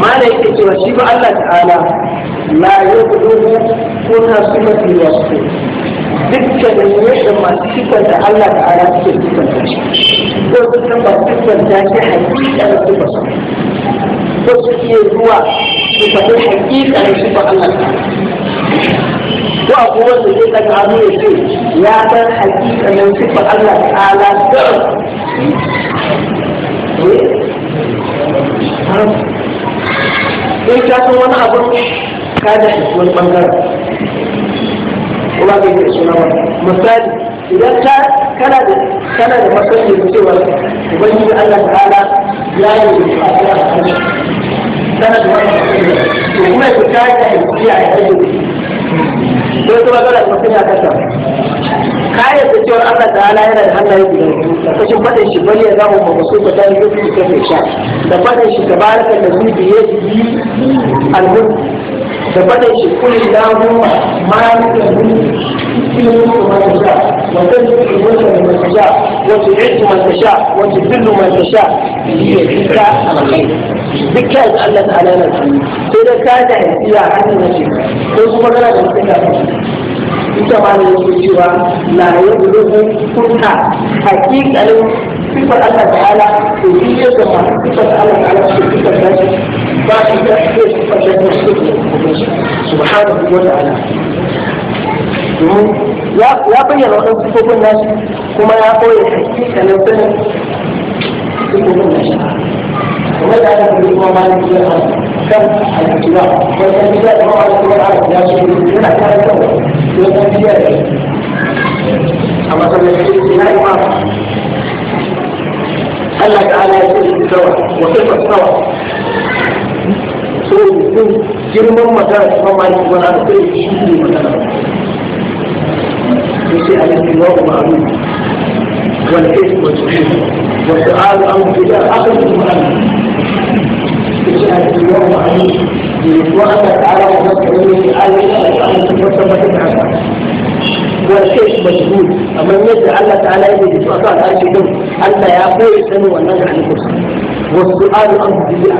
A: ما ليس سوى الله تعالى لا يبدو كل صفة وصفه dukkanin yadda masu da Allah ta'ala suke da shi ko dukkan ba sifanta shi hakikar sifa ko su iya zuwa su faɗi hakikar sifa Allah ta'ala ko a kuma zai ɗaga hannu ya ce ya san hakikanin sifa Allah ta'ala da eh? in san wani abu ka da wani bangaren ba za ka yi da suna ba misali idan ka kana da kana da matsayin da cewa ubangiji Allah ta'ala ya yi da fa'ala a kan kana da matsayin to kuma ku ta ka yi kiya a yau ko kuma kana da matsayin a kasa kayan da cewa Allah ta'ala yana da hannaye guda da kashin faɗin shi bari ya zama ba ba so ka ta yi zai ka sha da faɗin shi ta tabaraka da zubi ya yi al-mulk da faɗin shi kulli lahumma malika mulki ilmu kuma tasha wa tadri wajha man tasha wa tu'izzu man tasha wa tudillu man tasha biyadika al-khair dukka da Allah ta'ala na sani sai da ka da iya hannun shi ko kuma kana da tsaka ita ma ne yake cewa na la yabluhu kunna hakikalin sifar Allah ta'ala to shi ne da ma sifar Allah ta'ala shi sifar da shi بعد كده احتاج الفتح سبحانه وتعالى ya bayyana waɗansu sifofin nasu kuma ya koya hakikanin sanin sifofin nasu kuma da aka kuma kuma malin kuma ya kan alkiwa wani kan biya da mawa kuma ya ya ce yana kare kan wani kan biya da a masallaci ina imam Allah ta'ala ya ce da sawa wa kai sawa so mutum girman magana kuma maliki wani abu kai shi ne magana to sai a yanzu wa ma'aru wal ism wa tuhid wa su'al an bida akan kuma sai a yanzu wa ma'aru وأن تعالى ومسكنه على أن تثبت عنها والشيء مجهول أما يجد الله تعالى يجد سؤال أرشدهم أن يقول سنو أنه عن الكرسي والسؤال أمر بالله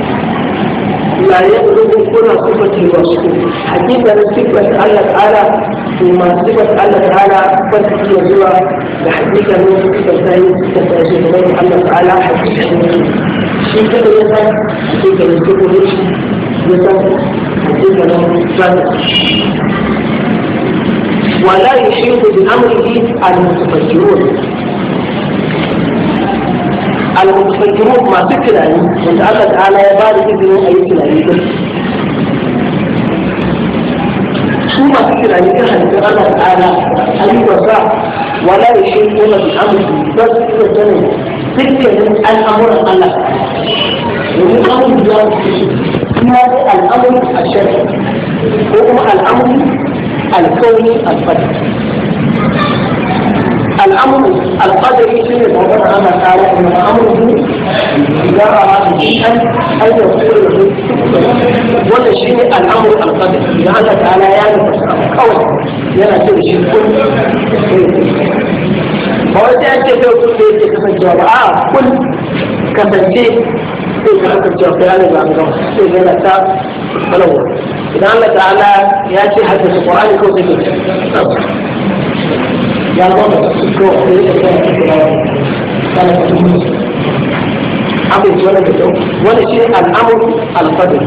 A: ما يقلب كل صفة الوصف حقيقة صفة الله تعالى وما صفة الله تعالى قد هي زوا لحقيقة نوح تستعين تستعين الله تعالى حقيقة شيء كذا يسا شيء كذا يسا كذا يسا يسا حقيقة نوح ولا يشيط بأمره المتفجرون المتفكرون ما تكلا يتعرض على يبالي إذن أي كلا يكلا شو ما تكلا يكلا يتعرض على أي وزاع ولا يشير أولا بالعمل بس كده جنة تكلا الأمر الله يقول الأمر بجوان كشير هذا الأمر الشرعي هو الأمر الكوني الفتح الأمر القدري في الموضوع أما تعالى أن الأمر جرى بيئا أي يصير ولا شيء الأمر القدري لأن تعالى يعني قوي يعني كل شيء كل فوزي أنت لو كنت بيتك من جواب آه كل كمبتين كيف حكم جواب يعني بعد ذلك إذا لا تاب فلو إذا الله تعالى يأتي حتى القرآن يكون بيتك يا بابا شوف ايه ده عمل ولا ولا شيء الامر القدر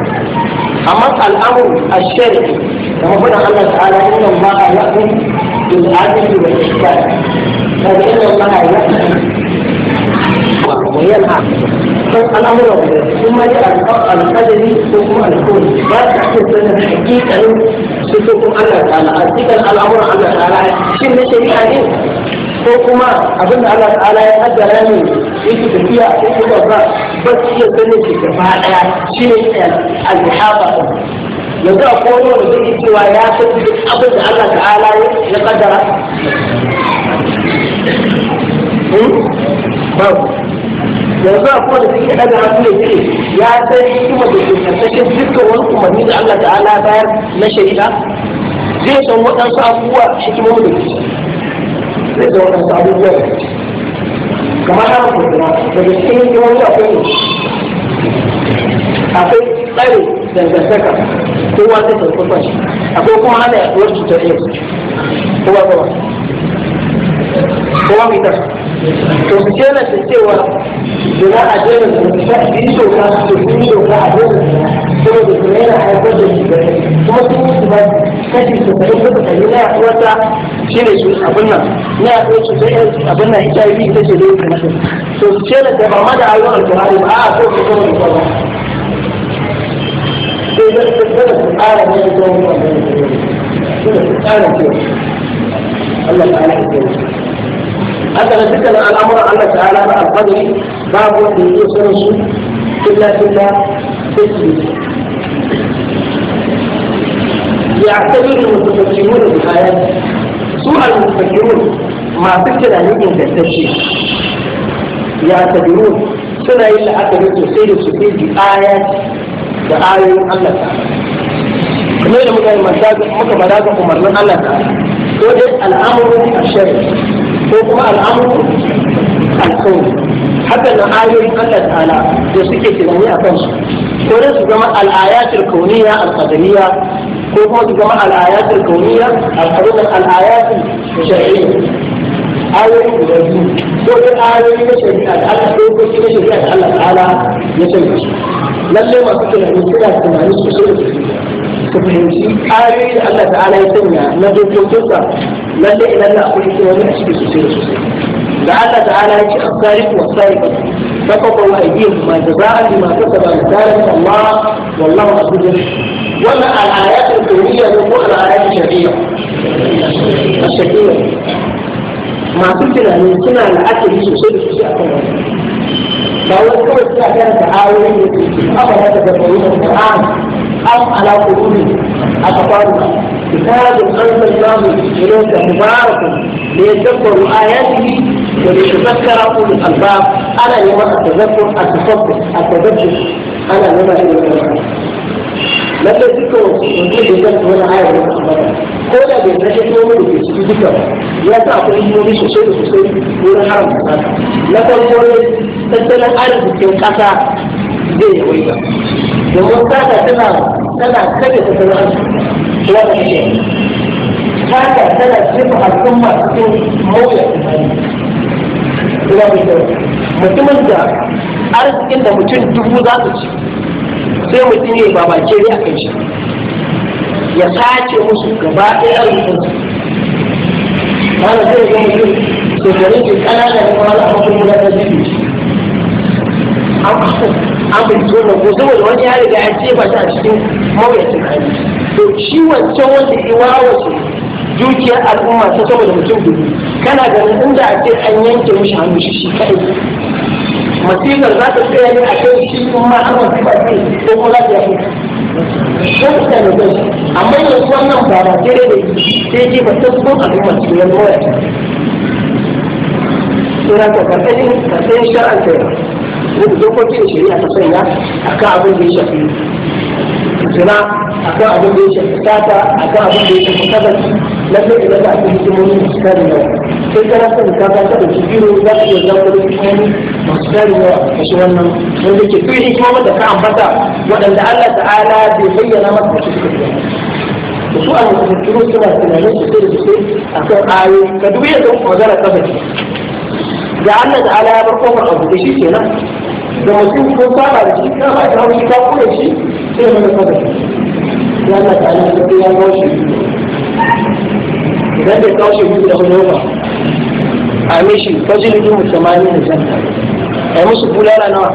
A: اما الامر الشرعي كما قال الله تعالى ان الله يامر بالعدل والاحسان هذا الله يامر وينهى الامر ثم القدري ثم الكون لا تحكي سنه الحقيقه sifofin Allah ta'ala a cikin al'amuran Allah ta'ala shin na shari'a ne ko kuma abin da Allah ta'ala ya haddara ne yake tafiya a cikin babba ba su iya ganin shi gaba daya shi ne al-muhafa yanzu a kowane wanda zai cewa ya san duk abin da Allah ta'ala ya kaddara hmm? babu yanzu a kowane suke daga hannu ya san hikimar da ke karkashin dukkan wani umarni da Allah ta'ala bayar na zai san waɗansu abubuwa da ke zai san waɗansu abubuwa da ke kamar kuma daga cikin akwai akwai tsare dangantaka kowa zai shi akwai kuma hana yaduwar cutar yau kowa kowa kowa mai tafi to su ce ta cewa da za a jera da mutum yi doka su ce yi doka a jera saboda su yana haifar da shugaba kuma sun yi su ba kashi su kare suka kare na yaduwar ta shi ne su abin nan na yaduwar su sai abin nan hiv ita ce da yake nasu to su ce ta ba ma da ayyukan alkurari ba a ko su kuma da kwallo sai da su kare su kara ne da kwallo Allah ta'ala ya haka da dukkan al'amuran Allah ta'ala na alfadari babu wanda ya الا sanin su يعتبر المتفكرون بالآيات سوء المتفكرون ما فكر أن يمكن يعتبرون سنة إلا أكبر تفسير في بآيات بآية الله تعالى كما يقول مكة ملاك أمرنا الله تعالى وجد الأمر الشرعي ko kuma al'amuru alkauni haka nan ayoyin Allah ta'ala da suke tunani a kansu ko dai su zama al'ayatul kauniya al-qadariyya ko kuma su zama al'ayatul kauniya al-qadariyya al'ayatul shar'iyya ayoyi guda biyu ko dai ayoyi na shari'a da Allah ko ko na shari'a da Allah ta'ala ya sanya su lalle masu tunani suna tunani sosai da sosai ka fahimci ayoyi da Allah ta'ala ya sanya na dokokinsa lalle idan Allah akwai hikimomi a cikin sosai da sosai da Allah ta'ala ya ce asariq wa sariqa taqabu aydihim ma jazaa'a bima kasaba nadaran Allah wallahu azizun wannan al-ayat al-kawniyya ne ko al-ayat al-shar'iyya al-shar'iyya masu tunani suna la'akari sosai da sosai akan wannan ba wani kawai suna karanta ayoyi da ke abada da gabaru da Qur'ani أو على قلوبهم أقطارنا كتاب أنزل الله إليك مبارك ليتذكروا آياته وليتذكر أولو الألباب أنا يوم التذكر التفكر التذكر أنا يوم التذكر lallai duka mutum da zai wani ayar ko da bai kashe komai da ke ciki duka ya sa akwai hikimomi sosai da sosai wurin haram da kasa na farko ne tattalin arzikin kasa zai yawaita domin kasa tana tana kada ta sauran su wanda ke haka tana jefa al'umma cikin mawuyar tunani mutumin da arzikin da mutum dubu za su ci sai mutum ya yi babace ne a kai shi ya sace musu gaba ɗaya arzikin su da zai ga mutum shekarun ke ƙananan na abubuwan da zai ci an fahimci ma ko saboda wani ya riga ya ba shi a cikin mawuyacin hali to shi wancan wanda ya wawace dukiyar al'umma ta saboda mutum dubu kana ganin inda a ce an yanke mishi hannu shi shi kai masifar za ta tsaya ne a kai shi in ma an wasu ba ce ko kuma za ta yafi ko ku da nufin amma yanzu wannan ba ba da dai sai ke ba ta zuwa al'umma cikin wani waya. Sura ta karkashin karkashin shar'an ta dokoki da shari'a ta sanya akan abin da ya shafi zina akan abin da ya shafi tata akan abin da ya shafi kazan na sai idan da ake hikimomi masu tarin yawa sai kana son ka ka ta dauki biro za ka iya zama da hikimomi masu tarin yawa a shi wannan wanda ke fi hikimomi da ka ambata waɗanda Allah ta'ala bai bayyana masa cikin suka da su a yanzu suna tunanin su sai da su sai a kan ayoyi ka dubi yadda magana kafa ce da Allah da ala ya bar kofar abu da shi kenan da mutum ko saba da shi kan aka hau shi ta kure shi sai mun kafa shi ya Allah ta ala ta ya kawo shi idan bai kawo shi da wani ba a mishi fajin yin musamman da janta a yi musu bulala nawa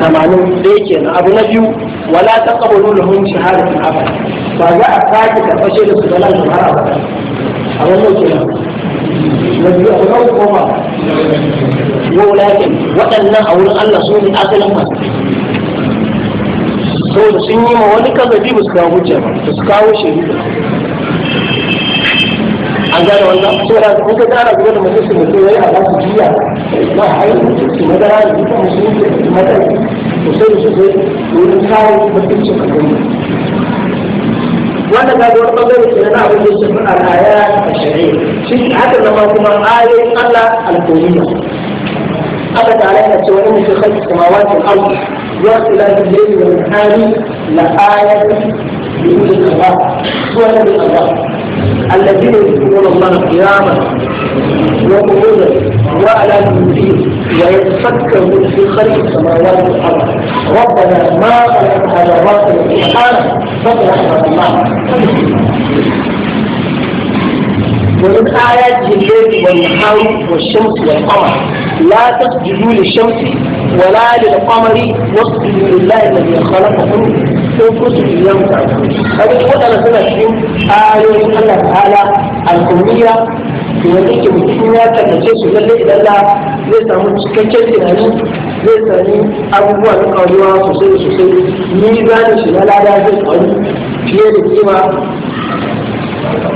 A: tamanin da yake na abu na biyu wala ta kabalu da hun shahada ta abada ba za a sake karfashe da su da lalata har abada a wannan kenan na biyu a kuma koma yau lakin waɗannan a wurin Allah su ne asalin masu saboda sun yi ma wani kazafi ba su kawo hujja ba su kawo shaidu an gane wannan saboda in ka gara zuwa da mutum su mutum yayi a basu jiya na haihu su madara da da to sai da su zai wurin kawo mutuncin wanda ta ga wani ɓangare ke na abin da su nuna al'aya a shari'a shi haka zama kuma ayoyin Allah alkoriya Allah ta alaƙa ce wani mutum kan samawatin arzu ya su lafi laifin da mutane na ayar da yi da kaba zuwa da kaba الذين يذكرون الله قياما وقعودا وعلى المدير ويتفكر في خلق السماوات والارض ربنا ما على هذا الباطل سبحانه فاطلع الله ومن آيات الليل والنهار والشمس والقمر لا تسجدوا للشمس ولا للقمر واسجدوا لله الذي خلقكم sun kusa miliyan kafin kaga waɗanda suna cikin ayoyin Allah ta'ala al-kumiyya to wanda yake mutum ya su lalle idan la zai samu cikakken tunani zai sami abubuwa na ƙaruwa sosai da sosai ni zani shi na lada zai ƙauri fiye da kima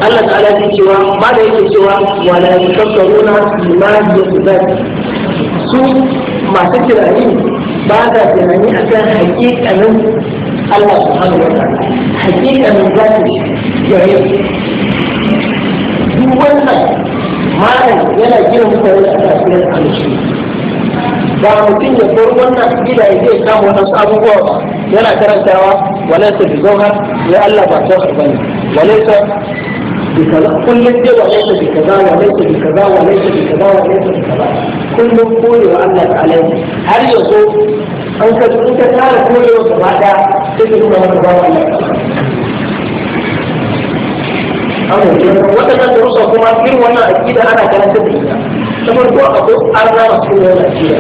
A: Allah ta'ala zai cewa ma da yake cewa wala yakaffaruna limani yadhati su masu tunani ba ta tunani akan hakikanin الله سبحانه وتعالى حقيقة من ذاته جميل duk wannan malam yana gina mutane a tasirin alshi ba mutum ya bar wannan gida ya zai samu wadansu abubuwa ba yana karantawa walaisa bi zauha ya Allah ba ta harbani walaisa bi kaza kullum dai walaisa bi kaza walaisa bi kaza walaisa bi kaza walaisa bi kaza kullum koyewa Allah ta'ala har yanzu an ka in ka tsara koyarwa gaba ɗaya sai ka nuna maka ba wani waɗannan darussa kuma irin wannan aƙida ana karantar da ita kamar ko akwai an rama su ne wannan aƙida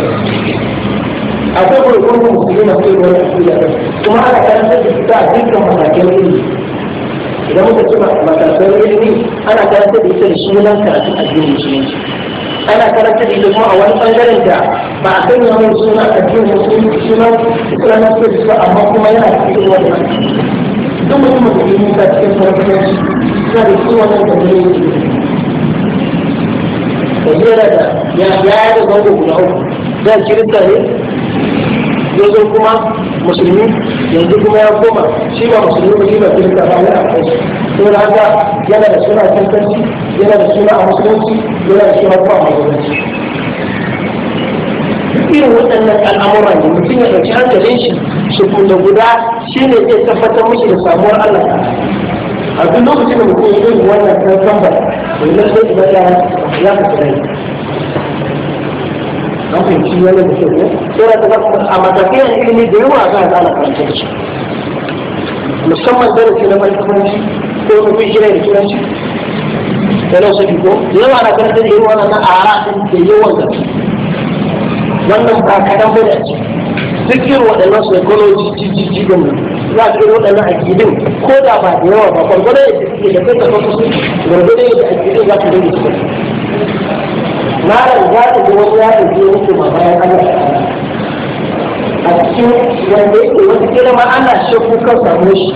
A: akwai gurgurun musulmi masu yin wannan aƙida kuma ana karantar da ita a dukkan matakan ilimi idan muka ci matakan ilimi ana karantar da ita da sunan karatun addinin musulunci ana karanta da ilimin a wani bangaren da ba a sanya mai suna a cikin addinin musulunci sunan na ce su amma kuma yana cikin wani duk mutumin da ilimin ta cikin farfaranci suna da cikin wani da ne da yana da ya ya da zango guda uku zai kirista ne zai zo kuma musulmi yanzu kuma ya koma shi ba musulmi ba shi ba kirista ba yana a saboda haka yana da suna kankanci yana da suna a musulunci yana da suna kuma a musulunci irin waɗannan al'amuran da mutum ya ɗauki hankalin shi su guda shi ne zai tabbatar mishi da samuwar Allah a duk lokacin da mutum ya yi wannan tantan ba to lallai ibada ya ka tsaye don fahimci wannan da kyau sai da a matakai ilimi da yawa za a tsara karanta da musamman darasi na malikamanci ko na kun shirya da turanci da nan sabi ko yawa na karanta da yawa na ara da yawan da wannan ba kaɗan ba da duk irin waɗannan psychology jijiji ɗin nan za a irin waɗannan akidin ko da ba da yawa ba kwargwado yadda suke da kai da kwakwasi gwargwado yadda akidin za ta dinga malam za tafi ji wasu ya tafi yake mamayan Allah a cikin wanda yake wata kira ma ana shakku kan samu shi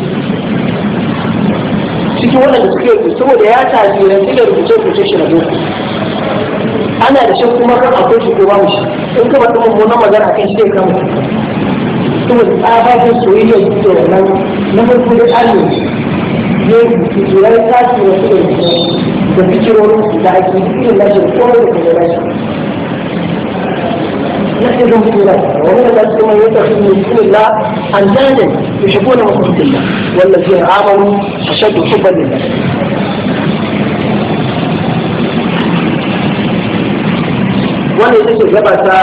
A: cikin waɗanda suke yi saboda ya tafi ran suke rubuce rubuce shi na boko ana da shakku ma kan akwai shi ko babu shi in ka bata mummunan magana kan shi zai kama saboda tsabagen soyayya wannan na farko dai Allah ne ya ya yi rubuce da fikirorin su da ake yi da lashe kowa da kuma lashe نحن لهم دينار ومن الناس من يتخذ من دون الله اندادا يحبون وحبة الله والذين امنوا اشد حبا لله wannan ita ce gaba ta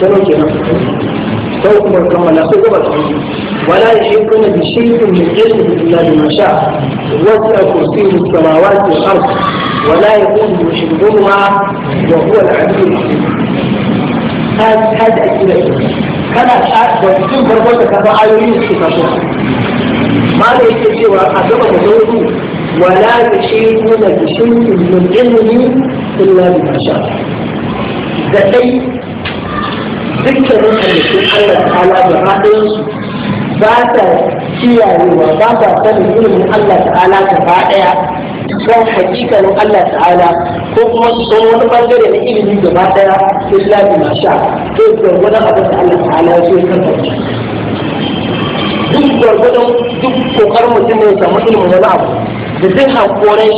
A: tano kenan فوقهم كما لا قوة ولا يحيطون بشيء من علمه إلا بما شاء وسع كرسيه السماوات والأرض ولا يكون يحبهما وهو العلي الحكيم هذا هذا أكيد kana cikin farkon da kafa ayoyin da suka so ma da yake cewa a gaba da zuru wala da shi nuna dukkanin halittun Allah ta'ala da haɗinsu ba ta kiyayewa ba ta sanin ilimin Allah ta'ala ta faɗaya kan hakikanin Allah ta'ala ko kuma su wani bangare na ilimi gaba ɗaya illa bi ma ko to gwargwadon abin da Allah ta'ala ya so ya kasance duk gwargwadon duk kokarin mutum ne ya samu ilimin wani abu da zai hankoran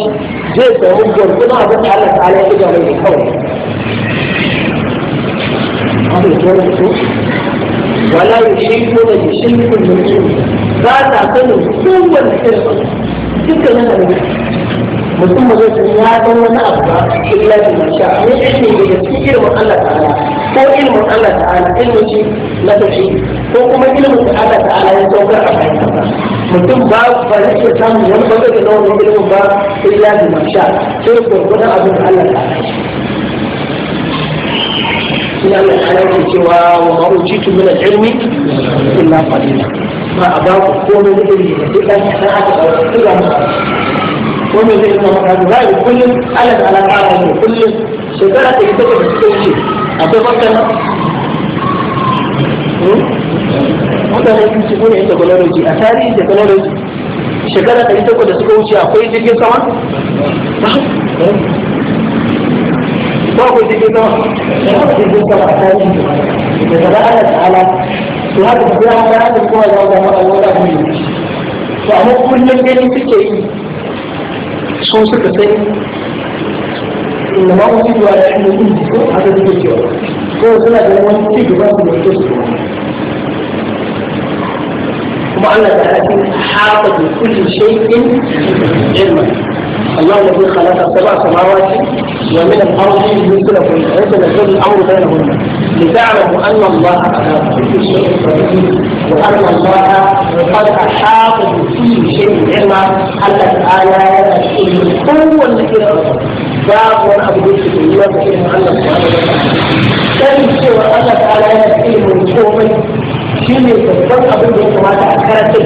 A: shi zai samu gwargwadon abin da Allah ta'ala ya ɗiga mai kawai ولا يشركون بشرك منهم بعد عقلهم قوة الحرقة تلك لنا mutum zai san ya san wani abu ba illa bi masha ne ilmi da gaske ilmin Allah ta'ala ko ilmin Allah ta'ala ilmin shi na tafi ko kuma ilmin da Allah ta'ala ya saukar a kai mutum ba ba zai iya samun wani bangare na wani ilmin ba illa bi masha sai gurgurdan abin da Allah ta'ala shi ne Allah yake cewa wa ma ujitu min al-ilmi illa qalila ba a ba ku komai da ilimi da duk dan san aka dauka illa mu komai da ilimi ba da rai kullum Allah ta'ala ta'ala ne kullum shekara ta ita da take hmm? ce akwai bakkan mutane sun ci gune technology a tarihi technology shekara ta ita da suka wuce akwai jirgin sama hmm? باخد كده بتتبعد على وهذا الدعاء ده هذا هو الوضع الوضع فهو كل اللي بتكي شو سكتي إنما أريد أن أحمل هذا الفيديو هو سنة لما تيجي بس ومعنى ذلك حاطط بكل شيء علما الله الذي خلق سبع سماوات ومن الأرض مثلهن عندنا كل الأمر بينهن لتعلموا أن الله على كل شيء قدير وأن الله قد أحاط بكل شيء علما الله تعالى يأتيه القوه التي باب وأنا أبو بكر في الله بكره الله سبحانه وتعالى كان سوى الله تعالى يأتيه من قومه شيء يتفضل أبو بكر ما تعالى كانت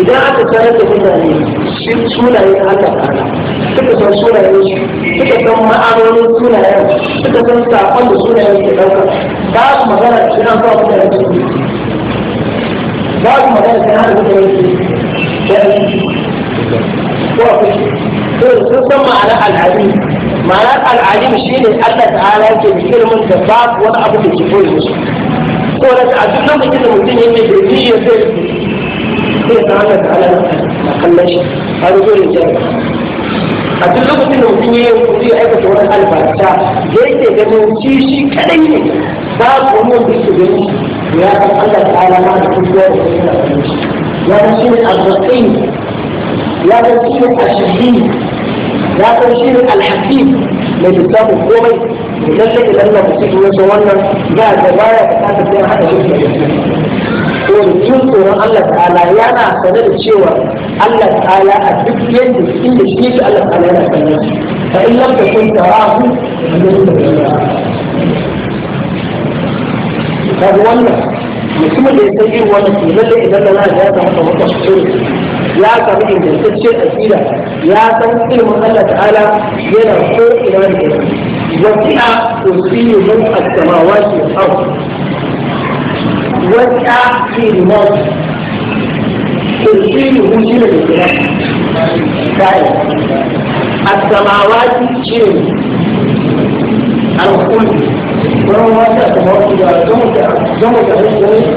A: idan aka tarar da mutane sunayen Allah ta'ala suka san sunayen shi suka san ma'anonin sunayen suka san sakon da sunayen ke ɗauka ba su magana da suna zuwa mutane su ne ba su magana da suna da mutane su ne ko a kusa to sun san ma'anar al'adu ma'anar al'adu shi ne Allah ta'ala ke da ilimin da babu wani abu da ke koyi musu ko da a duk lokacin da mutum ya mai da niyyar zai سيتعرف على خلاش هذا دور الجامعة a duk lokacin da mutum ya yi ya aikata wani albarka da yake ganin shi shi kadai ne ba ku mu da su gani ya san Allah ta'ala ma da kuma da ya san shi ne al-muqim ya san shi ne al-shahid ya san shi ne al-hakim mai lissafin komai idan sai idan na mutum ya san wannan za a ga baya bukatar sai hada shi da alkhairi jin tsoron Allah ta'ala yana sane da cewa Allah ta'ala a duk yadda inda shi yake Allah ta'ala yana sane fa in lam takun tarahu kaga wannan mutumin da ya san irin wannan to lalle idan da na ya samu kamar tafsir ya samu ingantacciyar asira ya san ilimin Allah ta'ala yana ko ina da yake wasi'a usbiyu min as-samawati wal ardh وتأخير الموت تلقيه شنو السماوات شنو الخلق وهو واسع الموت ثم ثم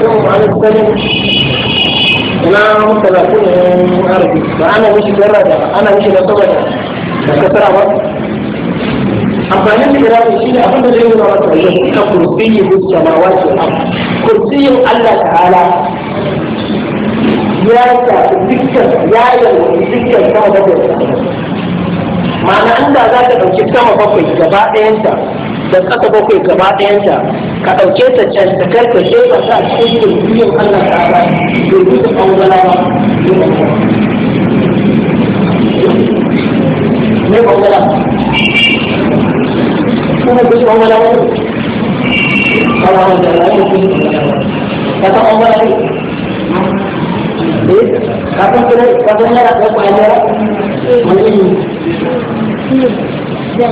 A: ثم على السلم ina talatin ne arziki ba ana mishi garra da ana mishi da saboda da kasara ba amfanin da kira shi ne abin da zai nuna masa da ta kurbi yi sama wace abu kursiyin Allah ta'ala ya shafi dukkan ya yi dukkan sama bakwai ma'ana inda za ka ɗauki sama bakwai gaba ɗayanta da ƙasa bakwai gaba ɗayanta ka ɗauke ta can ta kai ka shefa ta cikin kursiyin Allah ta'ala da duka ƙaunala ba ne ƙaunala kuma bai ƙaunala ba àwọn àwọn ọ̀dà ìlànà ìlú kàtà wọn bá rí kàtà kéré kàtà yàrá kẹfà ẹlẹ wọn yé mi màtí kàtà yẹ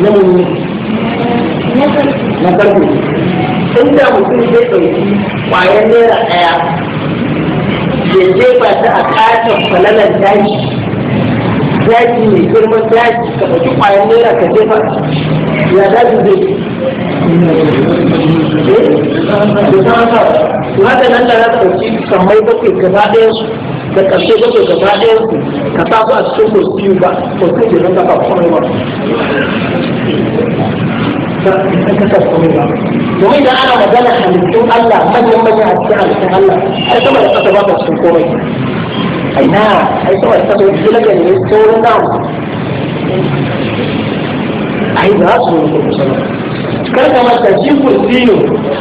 A: mi mi màtà kù inda mutum zai ɗauki ƙwayar naira ɗaya ya jefa ta a ƙaton falalar daji daji mai girman daji ka ɗauki ƙwayar ya daji zai eh? haka nan da za ɗauki kamar bakwai gaba ɗayan su da ƙarshe bakwai gaba ɗayan su ka sa ku a cikin ko biyu ba ko kai da ka ba komai ba domin da ana magana halittun Allah manyan manyan a cikin halittun Allah ai sama da ƙasa ba ka cikin komai ai na ai sama da ƙasa wani filaga ne sauran ai za su yi musulmi kar ka mata shi ku dino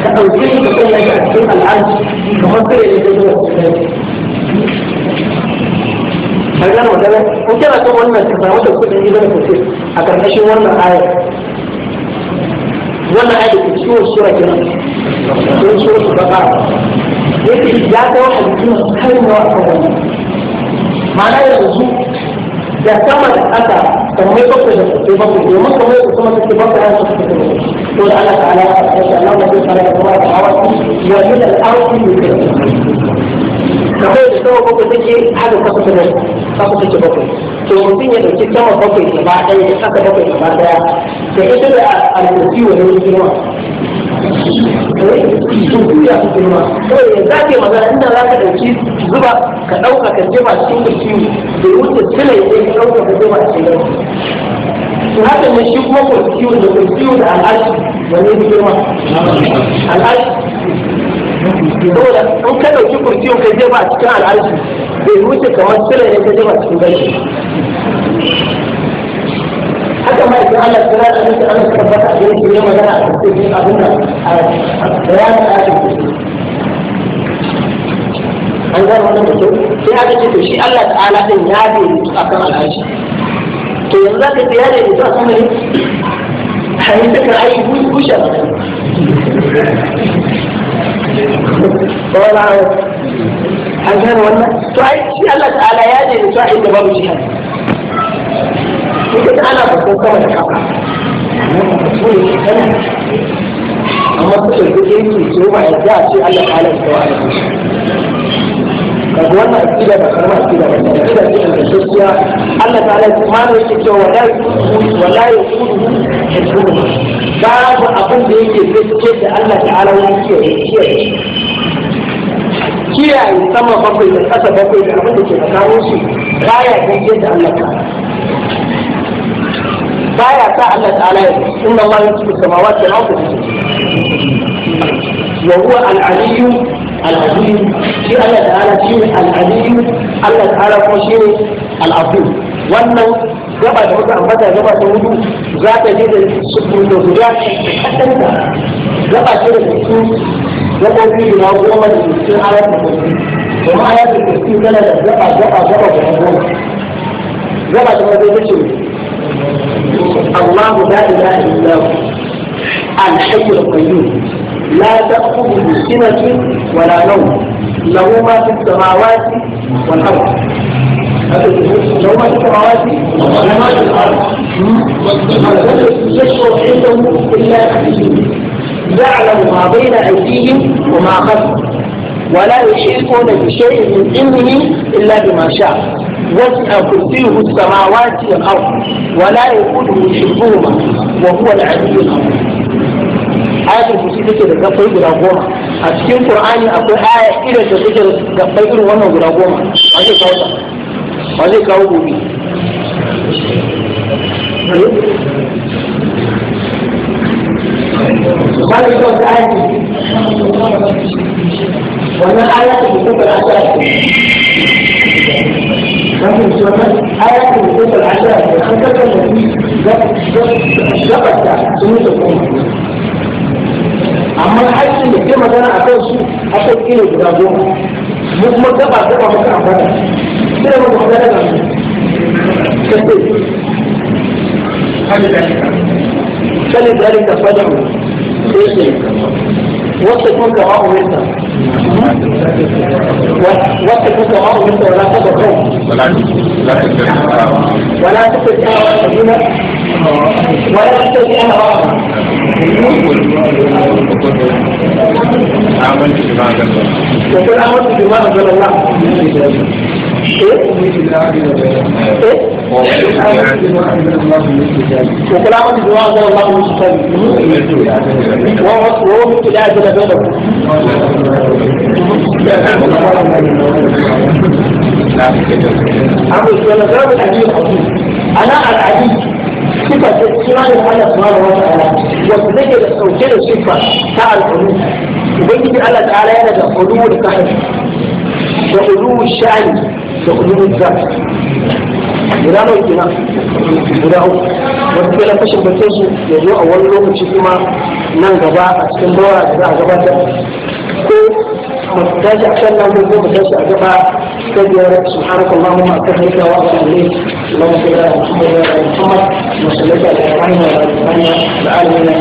A: ka ɗauke ni ka sanya shi a cikin al'adu kamar kare ne ka zuwa kaga magana ko kana son wannan ka samu da kudin ibn kusir a karkashin wannan ayar wannan ayar da ciwon sura kenan ciwon sura su baka yake ya kawo hadisin kalmawa a kan wannan ma'ana yanzu ya kama da aka kamar bakwai da ba ku domin kamar su sama suke bakwai har suke bakwai ko da Allah ta'ala ya sha Allah da fara da kuma da hawa ya yi da ardi yukayyib kamar da da sama bakwai take haka kafa ta kafa take bakwai to mutum ya dauki sama bakwai gaba ɗaya da ƙasa bakwai gaba ɗaya da ita da al wani wa girma sun kuya su girma ya magana inda za ka zuba ka ɗauka ka jefa cikin mutum da wuce cire ya ka ɗauka ka jefa cikin mutum to haka ne shi kuma kurkiyu da kurkiyu da al'ashi wani ya girma al'ashi in ka ka jefa cikin al'ashi bai wuce kamar cire ya ka jefa cikin gashi haka ma idan Allah ya rada miki an tabbata da yake ne magana a cikin abin nan a bayanin ayatin an gano wannan da kyau sai aka ce to shi Allah ta'ala din ya bai mutu akan alhaji to yanzu za ka ce ya bai mutu akan mai hayi suka ayi bushe ba wala an gano wannan to ai shi Allah ta'ala ya bai mutu a inda babu jihadi duka da ana babban sama da kafa su ne kan amma su da duk yanki su ba yadda a ce Allah ta'ala ta wa alaihi kaga wannan akida da karama akida ba ne akida ce da gaskiya Allah ta'ala ma ne yake cewa wala ku wala yuqulu hizbun babu abin da yake gaskiya da Allah ta'ala wani kiyaye kiyaye sama bakwai da kasa bakwai da abin da ke tsakanin su baya gaskiya da Allah لا يتعلق عليه ان الله يمسك السماوات والارض وهو العلي العظيم في الله تعالى شيء العلي الله تعالى هو شيء العظيم وانه جبع الحوت انفتح جبع الوضوء ذات جيد السكر الدوزيات حتى انت جبع جيد السكر جبع الوضوء جبع الوضوء من السكر على الوضوء وما يجب السكر جبع جبع جبع الوضوء جبع الوضوء الله لا إله إلا هو الحي القيوم لا تأخذه سنة ولا نوم له ما في السماوات والأرض له ما في السماوات والارض في يشعر عنده إلا يعلم ما بين أيديهم وما خلفهم ولا يشركون بشيء من علمه إلا بما شاء وسع كرسيه السماوات والأرض ولا يقوله حفظهما وهو العلي العظيم ayatul kursi take da gabbai guda goma a cikin qur'ani akwai aya irin da take da gabbai guda goma wa zai kawo ta wa kawo gobe Wani kawo لكن سؤال حياة الوصول العشاء خمسة وثلاثين لقد سنوات الأمة أما الحاجة اللي كما كان أكون سوء أكون إلي جدادوما مكما تبع تبع مكان أفضل كده ما تحضر لك كثير فلذلك فدعوا da yake wacce kun kama umarta wacce kun kama umarta wala ta da kai wala ta da kai wala ta da kai آمنت بما أنزل الله وقل عمد الدعاء أنزل الله من الشيطان وهو ابتلاء جل بينكم عبد الكلام العديد العظيم أنا العديد صفة سبحان الله سبحانه وتعالى وتذكر الصوتين صفة تاع الحلول وبيجي الله تعالى يلا الحلول تحت وحلول الشعر تخدم الذات ولا نوتنا ولا هو وفي لا فشل بتسو يجو أول لوم شكما ننجبا أستمبوا أجبا أجبا كو مستاج أكثر لهم كو مستاج أجبا كد يا رب سبحانك اللهم أكبرك وأكبر لي اللهم صل على محمد وعلى محمد وصلى على إبراهيم وعلى إبراهيم وعلى آل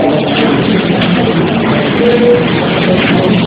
B: إبراهيم